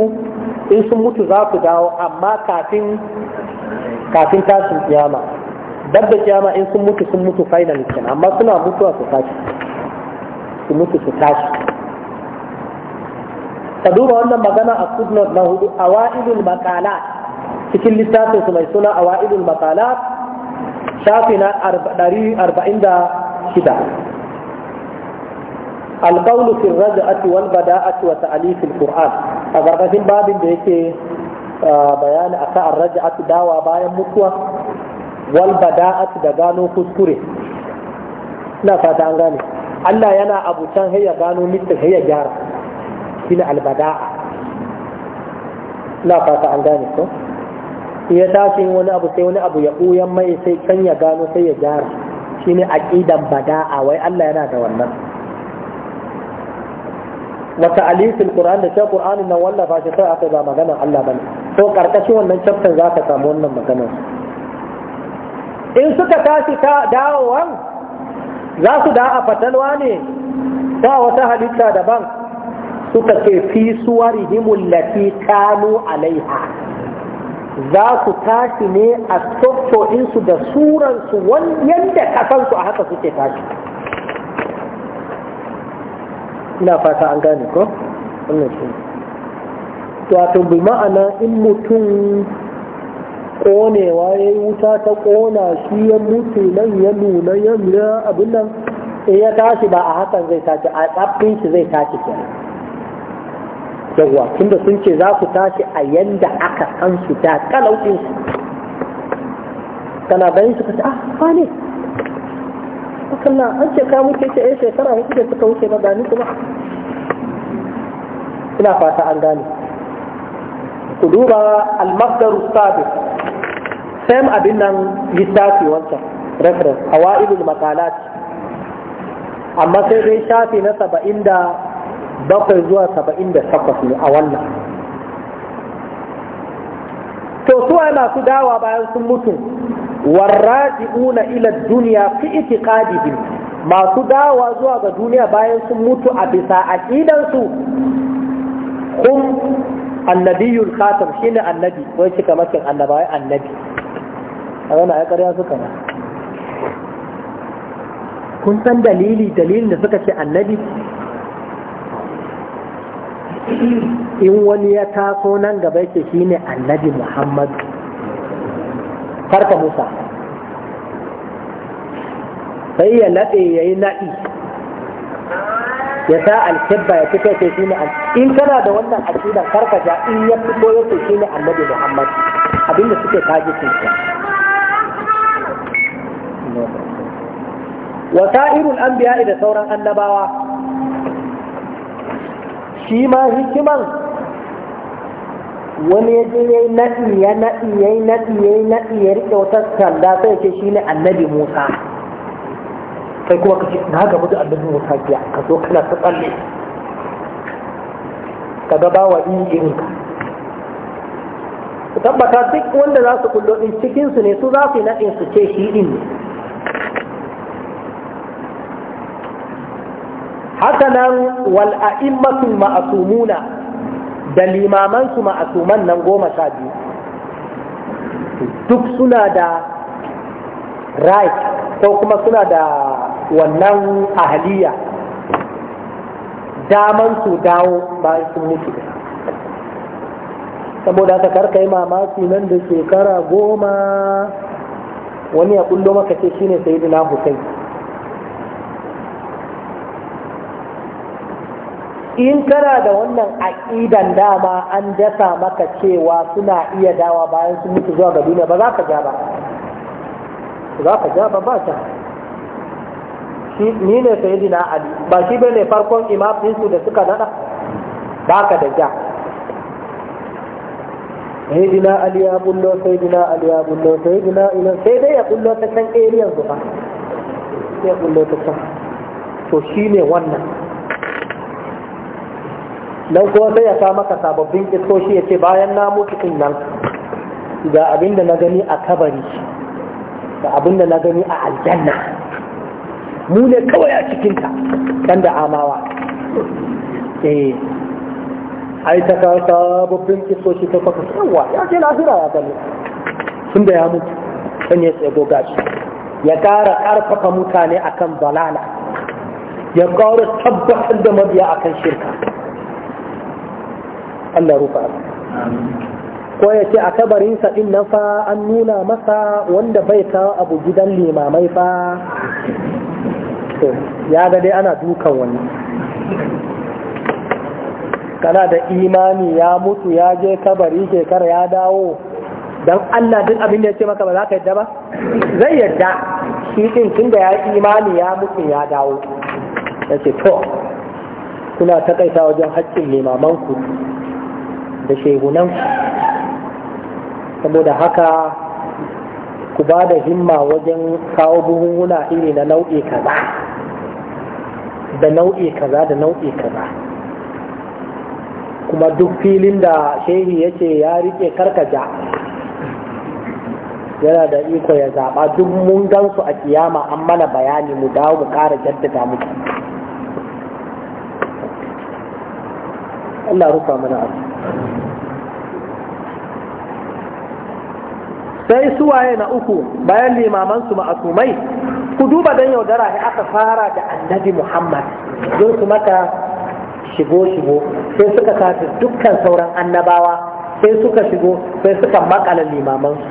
in sun mutu za su dawo amma kafin kafin tashin kiyama dab da kiyama in sun mutu sun mutu final ken amma suna mutuwa su tashi su mutu su tashi ka duba wannan magana a footnote na hudu a wa'idul makala cikin littafin su mai suna a wa'idul makala shafi na arba'in da shida alƙaunu fi raja'ati wal bada'ati wa ta'alifil qur'an a gargashin babin da yake bayani akan arraja'atu dawa bayan mutuwa wal bada'atu da gano kuskure ina fata an gane Allah yana abu can hayya gano mitin hayya gyara shine albada'a ina fata an gane ko ya wani abu sai wani abu ya ɓuyan mai sai can ya gano sai ya gyara shine aqidan bada'a wai Allah yana da wannan mata alisul qur'an da cewa qur'anin nan wallafa shi sai aka ba magana Allah bane to karkashin wannan chapter za ka samu wannan magana in suka tashi ta dawowan za su da a fatalwa ne ta wata halitta daban suka ce fi suwarihimul lati kanu alaiha za su tashi ne a tsofto insu da suransu yadda kasansu a haka suke tashi ina fata an gane ko wannan shi wato bi ma'ana in mutum konewa ya yi wuta ta kona shi ya mutu nan ya nuna ya nuna abin nan in ya tashi ba a hakan zai tashi a tsafin shi zai tashi kenan yawwa tunda sun ce za ku tashi a yanda aka san su ta kalau su kana ganin su ka ce ah ne kuka na an ce ka muke ce eh shekara hudu da suka wuce ba ga kuma ina fata an gane ku duba al-masdar sabiq sam abin nan littafi wanta reference hawailul maqalat amma sai dai shafi na saba'in da bakwai zuwa saba'in da takwas ne a wannan to suwa masu dawa bayan sun mutu warraji'una ila duniya fi itiqadihim masu dawa zuwa ga duniya bayan sun mutu a bisa aqidansu hum annabiyul khatam shine annabi wai cika makin annabawa annabi a wannan ya ƙarya su kana? kun san dalili dalilin da suka ce annabi in wani ya taso nan gaba yake shine annabi muhammadu karka musa sai ya naɗe ya yi naɗi ya sa alkebba ya fito ce shi ne in kana da wannan aƙidar karka ja in ya fito ya ce shi ne annabi muhammad abinda suke kaji sun wa sa'irul anbiya da sauran annabawa shi ma hikiman wani ya je ya yi naɗi ya naɗi yayi naɗi yayi naɗi ya riƙe wata sanda sai ce shi ne annabi Musa Sai kuma ka ce na gamu da annabi Musa biya ka zo kana ta tsalle ka ga ba wa irin ka ku tabbata duk wanda za su kullo din cikin su ne su za su yi naɗin su ce shi din ne haka nan wal a'immatul ma'asumuna da limaman su ma'asuman nan goma sha biyu duk suna da right ko kuma suna da wannan ahaliya daman su dawo bayan sun mutu saboda haka karka yi mamaki nan da shekara goma wani ya kullo maka ce shine sayyidina Hussein in kana da wannan aƙidan dama an dasa maka cewa suna iya dawa bayan sun mutu zuwa ga duniya ba za ka ja ba za ka ja ba ba ta ni ne sai na ali ba shi bai ne farkon imafinsu da suka nada ba ka da ja sayyidina ali ya bullo sayyidina ali ya bullo sayyidina ila sai dai ya bullo ta can eriyan su ba sai ya bullo ta can to shine wannan don kuma sai ya sa maka sababbin kiskoshi ya ce bayan na mutu din nan ga abin da na gani a kabari ga abin da na gani a aljanna mu ne kawai a cikinta kan da amawa eh ai ta kawo sababbin kiskoshi ta kwakwa yawa ya ce lahira ya gani sun da ya mutu kan ya tsego gashi ya ƙara ƙarfafa mutane akan balala ya ƙara tabbatar da mabiya akan shirka Allah rufa ko ya ce a kabarinsa ɗin nan fa an nuna masa wanda bai kawo abu gidan limamai fa ya ga dai ana dukan wani kana da imani ya mutu ya je kabari shekara ya dawo don Allah duk abin da ya ce maka ba za ka yadda ba zai yadda shi ɗin tun da ya imani ya mutu ya dawo ya ce to kuna taƙaita wajen haƙƙin limamanku da shehunan saboda haka ku ba da himma wajen kawo buhunhuna iri na nau'i kaza da nau'i kaza da nau'i kaza kuma duk filin da shehi ya ce ya rike karkaja yana da iko ya zaba duk mun gansu a kiyama an mana bayani mu dawo mu ƙara jaddada muku Allah rufa mana abu sai suwaye na uku bayan limaman su ma'asumai ku duba dan yaudara ne aka fara da annabi Muhammad don su maka shigo shigo sai suka tafi dukkan sauran annabawa sai suka shigo sai suka makala limaman su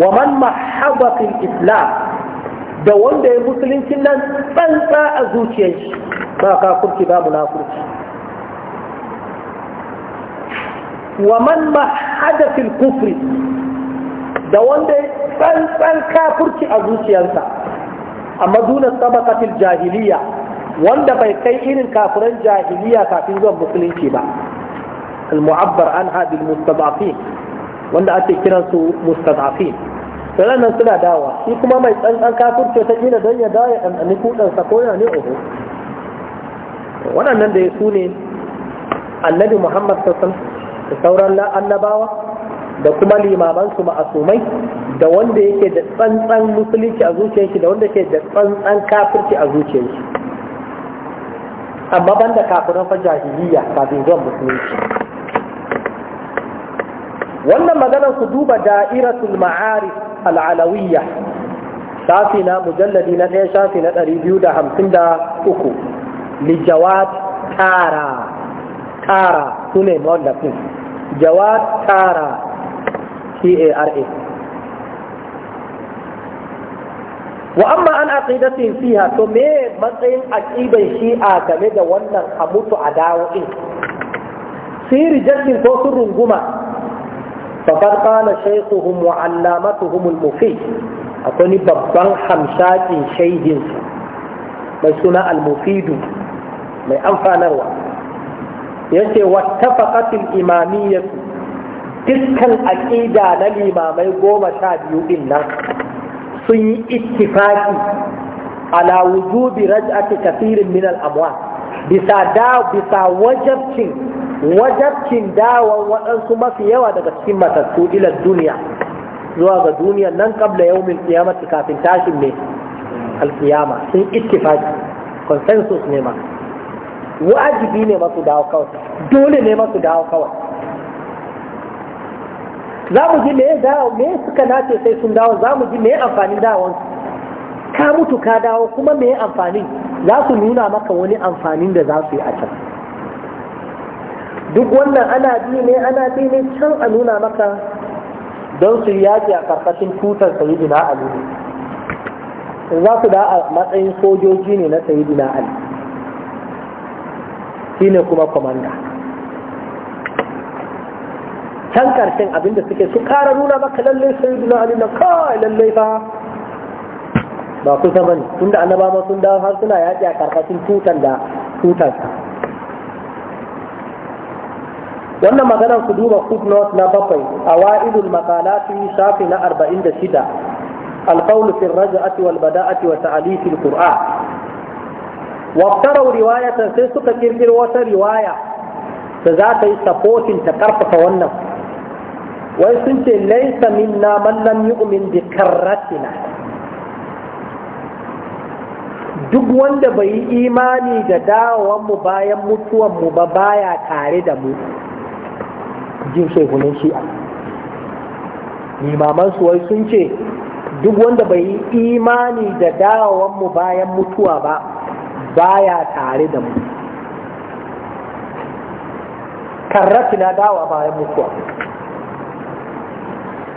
wa man mahabba fil islam da wanda ya musulunci nan tsantsa a zuciyar shi ba kurki ba munafurci wa man ma fil kufri da wanda ya tsantsan kafurci a zuciyarsa amma duna sabaqatil jahiliya wanda bai kai irin kafiran jahiliya kafin zuwan musulunci ba al mu'abbar an hadil mustadafin wanda ake kiransu mustadafin sannan nan suna dawa shi kuma mai tsantsan kafurci ta kila don ya dawo ya ɗanɗani kuɗansa ko yana ne oho waɗannan da ya su ne annabi muhammad sassan da sauran annabawa da kuma limamansu ma'asumai da wanda yake da tsantsan musulunci a zuciyar da wanda yake da tsantsan kafirci a zuciyar amma banda kafiran fa jahiliya kafin zuwan musulunci wannan magana su duba da'iratul ma'arif al'alawiyya shafi na mujalladi na ɗaya shafi na ɗari biyu da hamsin da uku lijawab tara tara su ne mawallafin jawad tara tara wa amma an aqidatin fiha to me matsayin aqidan a game da wannan a mutu a dawo din jirgin ko sun runguma fakar kana shaikuhum wa allamatuhum al-mufi akwai babban hamshakin shaidinsu mai suna al-mufidu mai amfanarwa yace wattafaqatil imamiyyatu dukkan aqida na limamai goma sha biyu din nan sun yi ittifaqi ala wujubi raj'ati kathirin min al amwal bisa da bisa wajabcin wajabcin dawon waɗansu mafi yawa daga cikin matattu ila duniya zuwa ga duniya nan kabla yawmin qiyamati kafin tashin ne alkiyama sun ittifaqi consensus ne ma wajibi ne masu dawo kawai dole ne masu dawo kawai za mu ji me dawo me suka nace sai sun dawo za mu ji me amfanin dawon ka mutu ka dawo kuma me amfanin za su nuna maka wani amfanin da za su yi a can duk wannan ana bi ne ana bi ne can a nuna maka don su yaki a karkashin tutar sayidina ali za su da a matsayin sojoji ne na sayidina ali shine kuma komanda can karshen abinda suke su kara nuna maka lallai sai duna ali na kai lallai fa ba ku kusa bane tunda annaba ma sun dawo har suna yaƙi a karkashin tutan da tutansa wannan maganar ku duba footnote na bakwai a wa'idul makalati shafi na arba'in da shida alƙawlu fi raja'ati wal bada'ati wa ta'alifi al-qur'an waftarau riwayatan sai suka kirkiro wata riwaya da za ta yi supporting ta karfafa wannan wai sun ce laisa minna man lam yu'min bi karratina duk wanda bai yi imani da dawowar mu bayan mutuwan mu ba baya tare da mu jin shehunan shi'a limaman su wai sun ce duk wanda bai yi imani da dawowar mu bayan mutuwa ba baya tare da mu karrati na dawa bayan mutuwa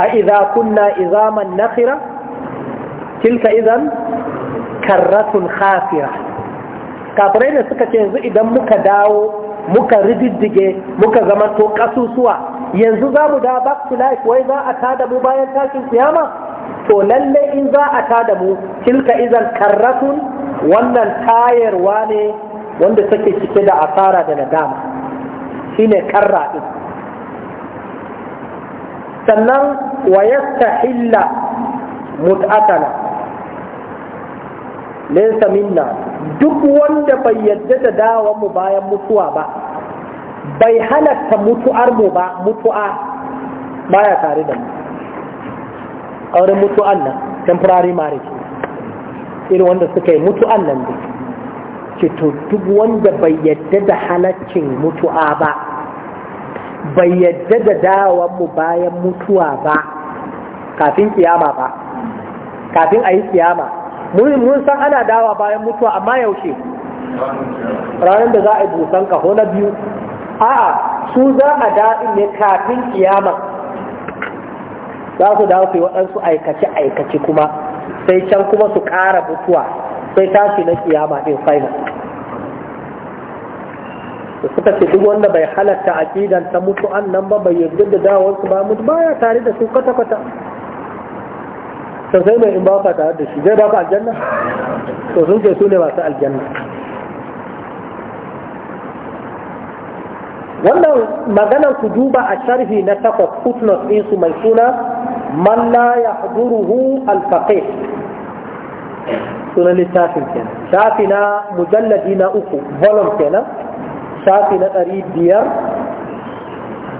a iza kunna izaman nakhira tilka idan karratun khafira kafirai da suka ce yanzu idan muka dawo muka rididdige muka zama to kasusuwa yanzu za mu da back to life wai za a tada mu bayan tashin siyama? to lalle in za a ta da mu tilka izan karratun wannan tayarwa ne wanda take cike da asara da nadama shine karra din sannan wa yastahilla mut'atana laysa minna duk wanda bai yadda da dawon mu bayan mutuwa ba bai halatta mutu'ar mu ba mutu'a baya tare da mu auren mutu'an nan temporary marriage irin wanda suka yi mutu'an nan da ke to duk wanda bai yadda da halaccin mutu'a ba bai yadda da dawon mu bayan mutuwa ba kafin kiyama ba kafin a yi kiyama mun san ana dawa bayan mutuwa amma yaushe ranar da za a yi busan kaho na biyu a'a su za a daɗin ne kafin kiyama za su dawo su yi waɗansu aikace-aikace kuma sai can kuma su ƙara mutuwa sai tashi na kiyama ɗin final da suka ce duk wanda bai halatta aƙidan ta mutu an nan ba bai yarda da dawon su ba mutu baya tare da su kwata-kwata to sai mai in ba ka tare da shi zai ba ka aljanna to sun ce su ne masu aljanna wannan maganar ku duba a sharhi na takwas footnote ɗinsu mai suna man la yahduruhu al-faqih sunan littafin kenan shafi na mujalladi na uku volume kenan shafi na ɗari biyar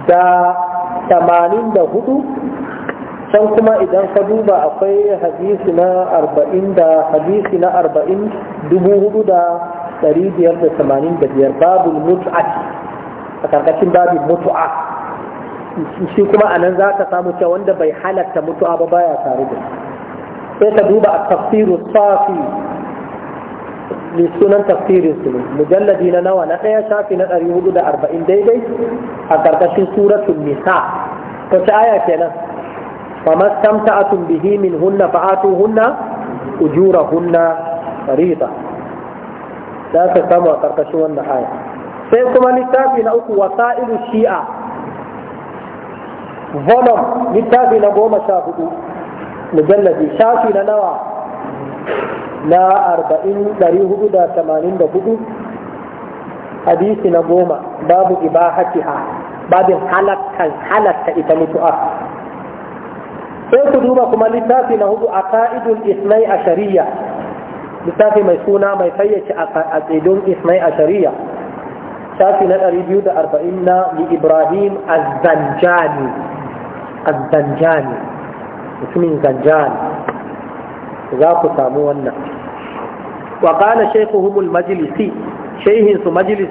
da tamanin da hudu can kuma idan ka duba akwai hadisi na arba'in da hadisi na arba'in dubu hudu da ɗari biyar da tamanin da biyar babu mut'ati a karkashin babin mutu'a shi kuma a nan za ka samu cewa wanda bai halatta mutu'a ba baya tare da sai ka duba a tafsiru safi sunan tafsirin su mujalladi na nawa na ɗaya shafi na ɗari da arba'in daidai a karkashin suratun nisa ta ci aya kenan fa mastamta'atun bihi min hunna fa'atu hunna ujura hunna fariida za ka samu a karkashin wannan aya sai kuma littafi na uku wasa'ilu shi'a volume littafi na goma sha hudu mujallabi shafi na nawa na arba'in ɗari hudu da tamanin da hudu hadisi na goma babu ha babin halakkan halatta ita mutu'a sai ku duba kuma littafi na hudu a ka'idun ismai a shari'a littafi mai suna mai fayyace a ka'idun ismai a shari'a shafi na 240 na li ibrahim az-zanjani az-zanjani za ku samu wannan wa qala shaykhuhum al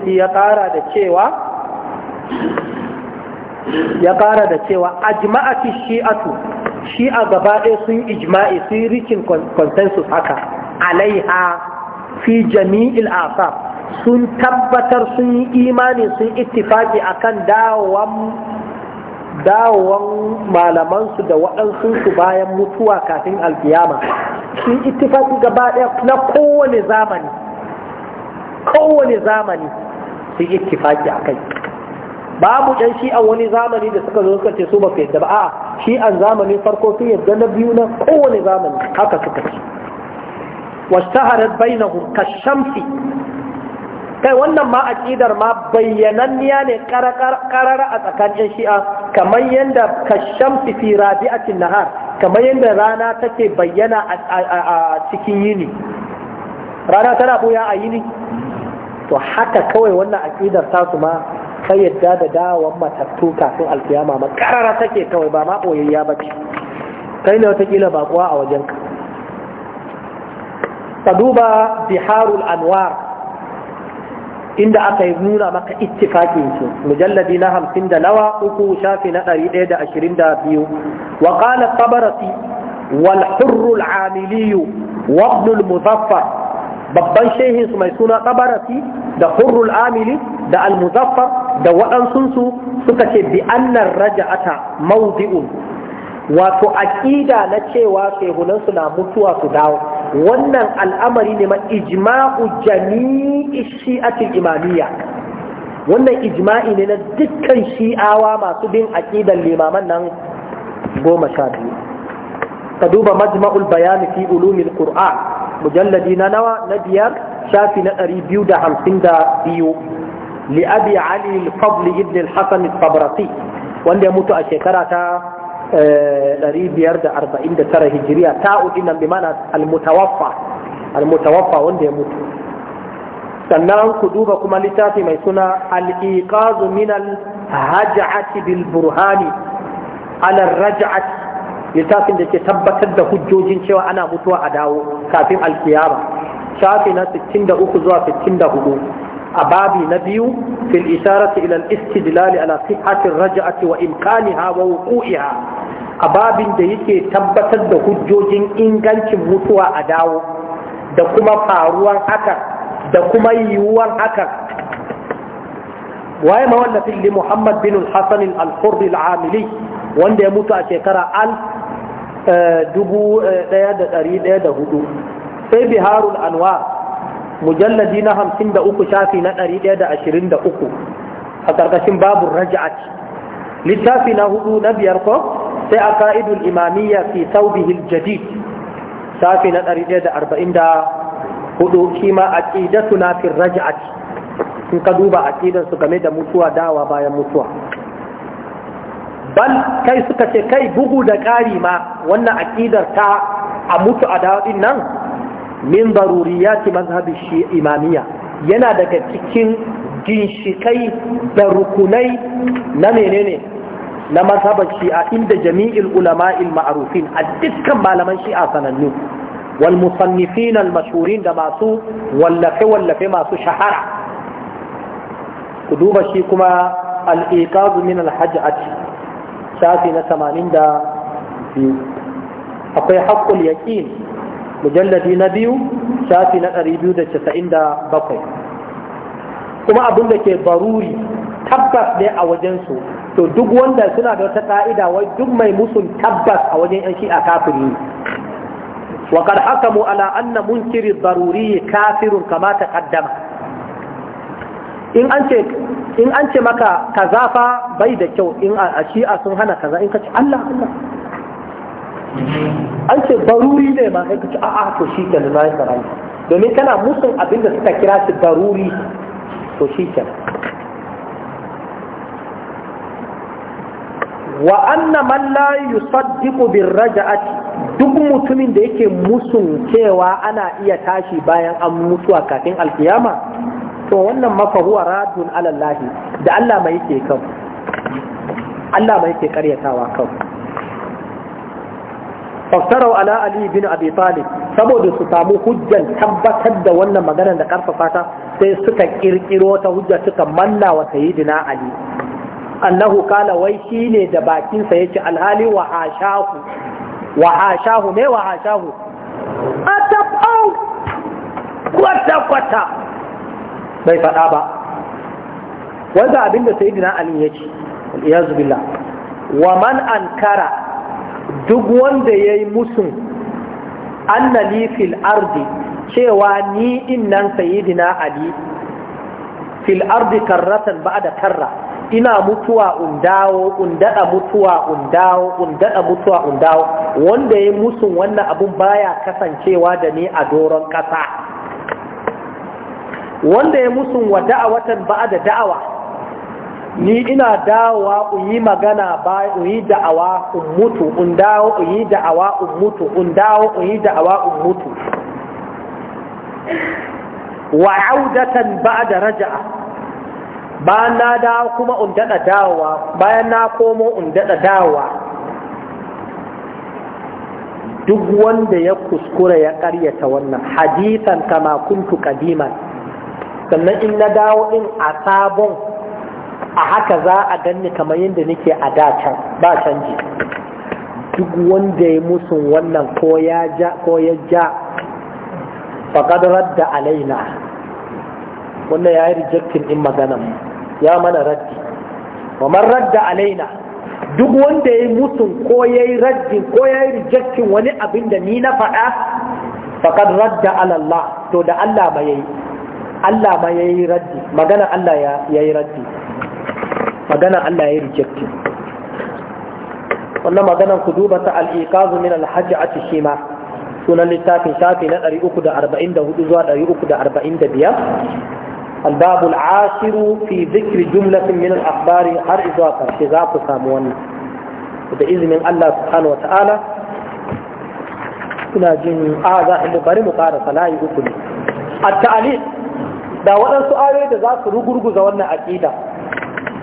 su ya ƙara da cewa a ƙara shi'atu shi'a gaba ɗaya sun ijma'i sun rikin consensus haka alaiha fi jami'il asar sun tabbatar sun yi imani sun ittifaki akan dawowan dawowan malamansu da waɗansu su bayan mutuwa kafin alkiyama sun ittifaki gaba ɗaya na kowane zamani kowane zamani sun ittifaki a kai babu ɗan shi a wani zamani da suka zo suka ce su ba su yadda ba a shi an zamani farko sun yadda na biyu na kowane zamani haka suka ce wasu na bainahum kashamsi kai wannan ma aqidar ma bayyananniya ne karar a tsakanin shi'a kamar yadda kashan fi rabi'atin nahar kamar yadda rana take bayyana a cikin yini rana tana buya a yini to haka kawai wannan aqidar tasu ma kai yadda da dawon matattu kafin alkiyama ma karara take kawai ba ma boyayya ba ce kai ne watakila ba kuwa a wajenka ka duba biharul anwar inda aka yi nuna maka ittifakin su mujalladi na hamsin da nawa uku shafi na ɗari ɗaya da ashirin da biyu wa qala tabarasi wal hurru amiliyu muzaffar babban shehin su mai suna tabarasi da hurrul amili da al muzaffar da waɗansun su suka ce bi annar ata mawdi'un wato aƙida na cewa shehunansu na mutuwa su dawo wannan al'amari ne ma ijma'u jami'i shi'atul imamiyya wannan ijma'i ne na dukkan shi'awa masu bin aƙidan limaman nan goma sha biyu ka duba majma'ul bayani fi ulumil qur'an mujalladi na nawa na biyar shafi na ɗari biyu da hamsin da biyu li abi ali al-fadl ibn al-hasan al wanda ya mutu a shekara ta 549 hijiriya ta'u dinnan bi mana almutawaffa almutawaffa wanda ya mutu sannan ku duba kuma littafi mai suna al-iqazu min al bil burhani ala raj'ati littafin da ke tabbatar da hujjojin cewa ana mutuwa a dawo kafin alkiyama shafi na 63 zuwa 64 a babi na biyu fil isharati ila al-istidlal ala sihhati ar-raj'ati wa imkanha wa wuqu'iha a babin da yake tabbatar da hujjojin ingancin mutuwa a dawo da kuma faruwan haka da kuma yiwuwan haka waye mawallafin li Muhammad bin Hassan al al-Amili wanda ya mutu a shekara al eh, dubu eh, ɗaya da ɗari ɗaya da hudu sai biharul anwar mujalladi na hamsin da uku shafi na ɗari da ashirin da uku a ƙarƙashin babu raja'at littafi na hudu na biyar ko sai a ka'idul imamiyya fi saubihil jadid shafi na ɗari da arba'in da hudu shi ma aƙidatu na fi raja'at in ka duba aƙidan su game da mutuwa dawa bayan mutuwa bal kai suka ce kai bugu da ƙari ma wannan aƙidar ta a mutu a daɗin nan min daruriyati mazhabi shi imamiya yana daga cikin ginshikai da rukunai na menene na mazhabar shi'a inda jami'il ulama'il ma'arufin a dukkan malaman shi'a sanannu wal musannifin al mashhurin da masu wallafe wallafe masu shahara ku duba shi kuma al iqaz min al hajjat shafi na 82 akwai haqqul yaqin mujalladi na biyu shafi na 297 kuma abin da ke baruri tabbas ne a wajensu to duk wanda suna da wata ka'ida wai duk mai musun tabbas a wajen yan shi'a kafiri ne wa qad hakamu ala anna munkiri daruri kafirun kama taqaddama in in an ce maka kaza fa bai da kyau in a shi'a sun hana kaza in ka ce Allah Allah an ce baruri ne ma kai ci a'a to shi ke na yi sarai domin kana musun abin da suka kira shi baruri to shi ke wa anna man la yusaddiqu bir raj'ati duk mutumin da yake musun cewa ana iya tashi bayan an mutuwa kafin alkiyama to wannan maka huwa radun alallahi da Allah mai yake kan Allah mai yake karyatawa kan fastarau ala ali bin abi talib saboda su samu hujjan tabbatar da wannan magana da karfafa ta sai suka kirkiro ta hujja suka manna wa sayyidina ali annahu kala wai shine da bakin sa yace alhali wa hashahu wa hashahu me wa hashahu atafau kwata kwata bai faɗa ba wanda abinda sayyidina ali yace iyazu billah wa man ankara duk wanda ya yi musun annali fil ardi cewa ni innan sayidina ali fil ardi karratan da karra ina mutuwa undawo undada mutuwa undawo undada mutuwa undawo wanda ya musun wannan abun baya kasancewa da ni a doron kasa wanda ya musun wa da'awatan da da'awa ni ina dawowa in yi magana ba in yi da'awa in mutu in dawo in yi da'awa in mutu in dawo ku yi da'awa in mutu wa audatan ba'da raja'a bayan na dawo kuma in dada dawowa bayan na komo in dada dawowa duk wanda ya kuskura ya karyata wannan hadisan kama kuntu kadiman sannan in na dawo in a sabon a haka za a ganni kamar yadda nake a dacan ba canji duk wanda ya musun wannan ko ya ja ko ya ja faqad radda alaina wannan yayi rejectin din maganan ya mana raddi wa man radda alaina duk wanda ya musun ko yayi raddi, ko yayi rejectin wani abin da ni na faɗa faqad radda ala Allah to da Allah ma yayi Allah ma yayi raddi magana Allah ya yayi raddi magana Allah ya rijekti wannan maganan ku duba ta al’iƙazu min alhaji a cikin ma sunan littafin shafi na 344 zuwa 345 albabul ashiru fi zikri jumlatin min al’akbari har zuwa ƙarshe za ku samu wannan da izinin Allah subhanahu wa ta’ala suna jin a za a inda bari mu ƙara salayi uku ne a ta'ali da waɗansu ayoyi da za su rugurguza wannan aƙida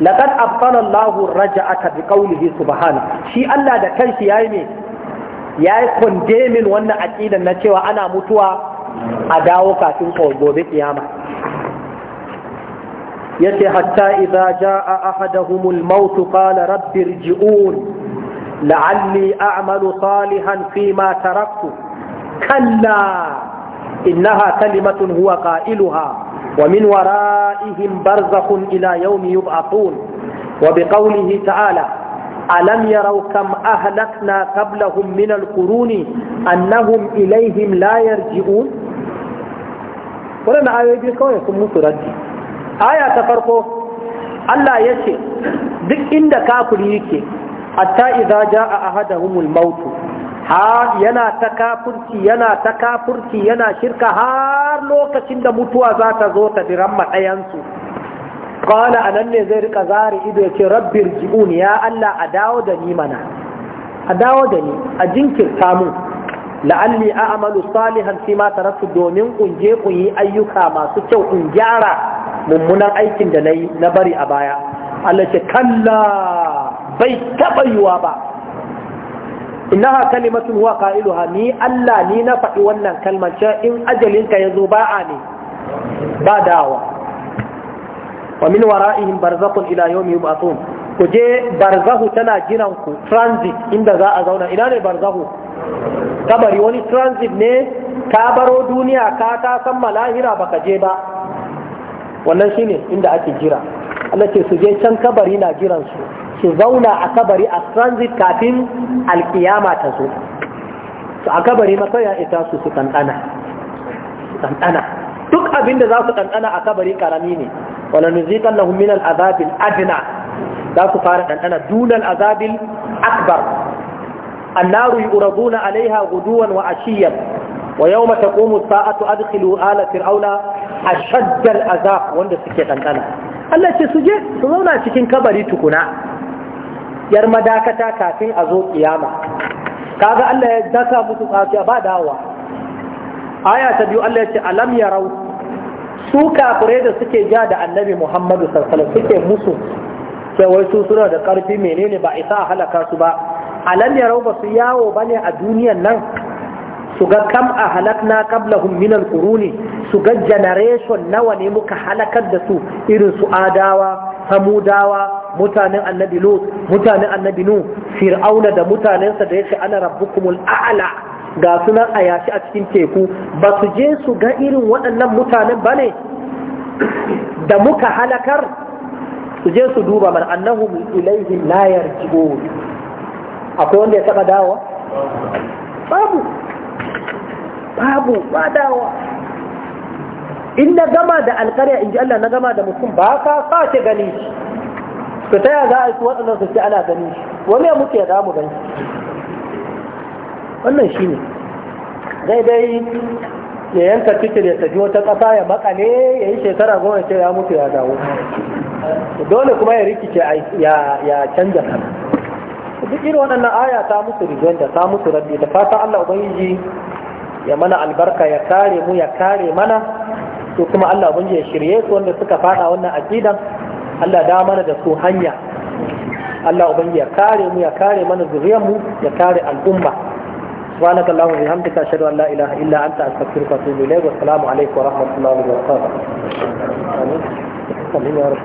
laqad abtala Raja raja'aka bi qawlihi subhana shi Allah da kanshi yayi ne yayi condemning wannan aqidan na cewa ana mutuwa a dawo kafin gobe kiyama yace hatta idza jaa ahaduhumul maut qala rabbi irji'un la'alli a'malu salihan fima taraktu kalla innaha kalimatun huwa qailuha ومن ورائهم برزخ إلى يوم يبعثون وبقوله تعالى ألم يروا كم أهلكنا قبلهم من القرون أنهم إليهم لا يرجعون ولن آية بيكو يكون متردي آية تفرقه الله يشي دك إن كافر يكي حتى إذا جاء أحدهم الموت Har yana ta kafurci yana ta kafurci yana shirka har lokacin da mutuwa za ta zo ta diran matsayansu kwana a nan ne zai rika zari ido ya ce rabbir ji'un ya Allah a dawo da ni mana a dawo da ni a jinkirta mu la'alli a amalu salihan fi ma tarattu domin kunje ku yi ayyuka masu kyau in gyara mummunan aikin da na yi na bari a baya Allah ce kalla bai taɓa yiwa ba innaha kalimatun wa qailuha ni Allah ni na faɗi wannan kalmar ce in ajalinka ya zo ba a ne ba dawa wa min wara'ihim barzakhun ila yawmi yub'athun ku je barzahu tana jiran ku transit inda za a zauna ina ne barzahu kabari wani transit ne ka baro duniya ka ka san malahira baka je ba wannan shine inda ake jira Allah ce su je can kabari na jiran su su zauna a kabari a transit kafin alkiyama ta zo su a kabari masaya ita su su ɗanɗana duk abinda za su a kabari karami ne wani nuzikan na min azabin adna za su fara ɗanɗana dunan azabin akbar annaru yuraduna alaiha guduwan wa ashiyan wa yawma taqumu sa'atu adkhilu ala fir'auna ashaddal azab wanda suke ɗanɗana Allah ce su je su zauna cikin kabari tukuna yar madakata kafin a zo kiyama kaga Allah ya daka musu kafi ba dawa aya ta biyu Allah ya ce alam yarau su kafure da suke ja da annabi Muhammadu sallallahu suke musu sai wai su suna da karfi menene ba isa a halaka su ba alam yarau ba su yawo bane a duniyan nan su ga kam a halakna qablahum min al-quruni su ga generation nawa ne muka halakar da su irin su adawa samudawa mutanen annabi lut mutanen annabi nu fir'auna da mutanensa da yace ana rabbukumul a'la ga sunan a yashi a cikin teku ba su je su ga irin waɗannan mutanen ba ne da muka halakar su je su duba man annahu ilaihim la yarji'un akwai wanda ya taba dawa babu babu ba dawa in na gama da alkarya in ji Allah na gama da mutum ba ka sace gani ka ta za a yi su waɗannan su ce ana ganin shi wani ya mutu ya damu gan shi wannan shi ne zai dai ya yanka titir ya tafi wata ƙasa ya makale ya yi shekara goma ya ce ya mutu ya dawo dole kuma ya rikice ya canja kana duk irin waɗannan aya ta mutu rijon da ta mutu rabbi da fata Allah ubangiji ya mana albarka ya kare mu ya kare mana to kuma Allah ubangiji ya shirye su wanda suka fada wannan aƙidan. Allah da mana da su hanya Allah ubangi ya kare mu ya kare mana zuriyar mu ya kare al'umma subhanaka allahumma bihamdika ashhadu an la ilaha illa anta astaghfiruka wa atubu ilayk wa assalamu alaykum wa rahmatullahi wa barakatuh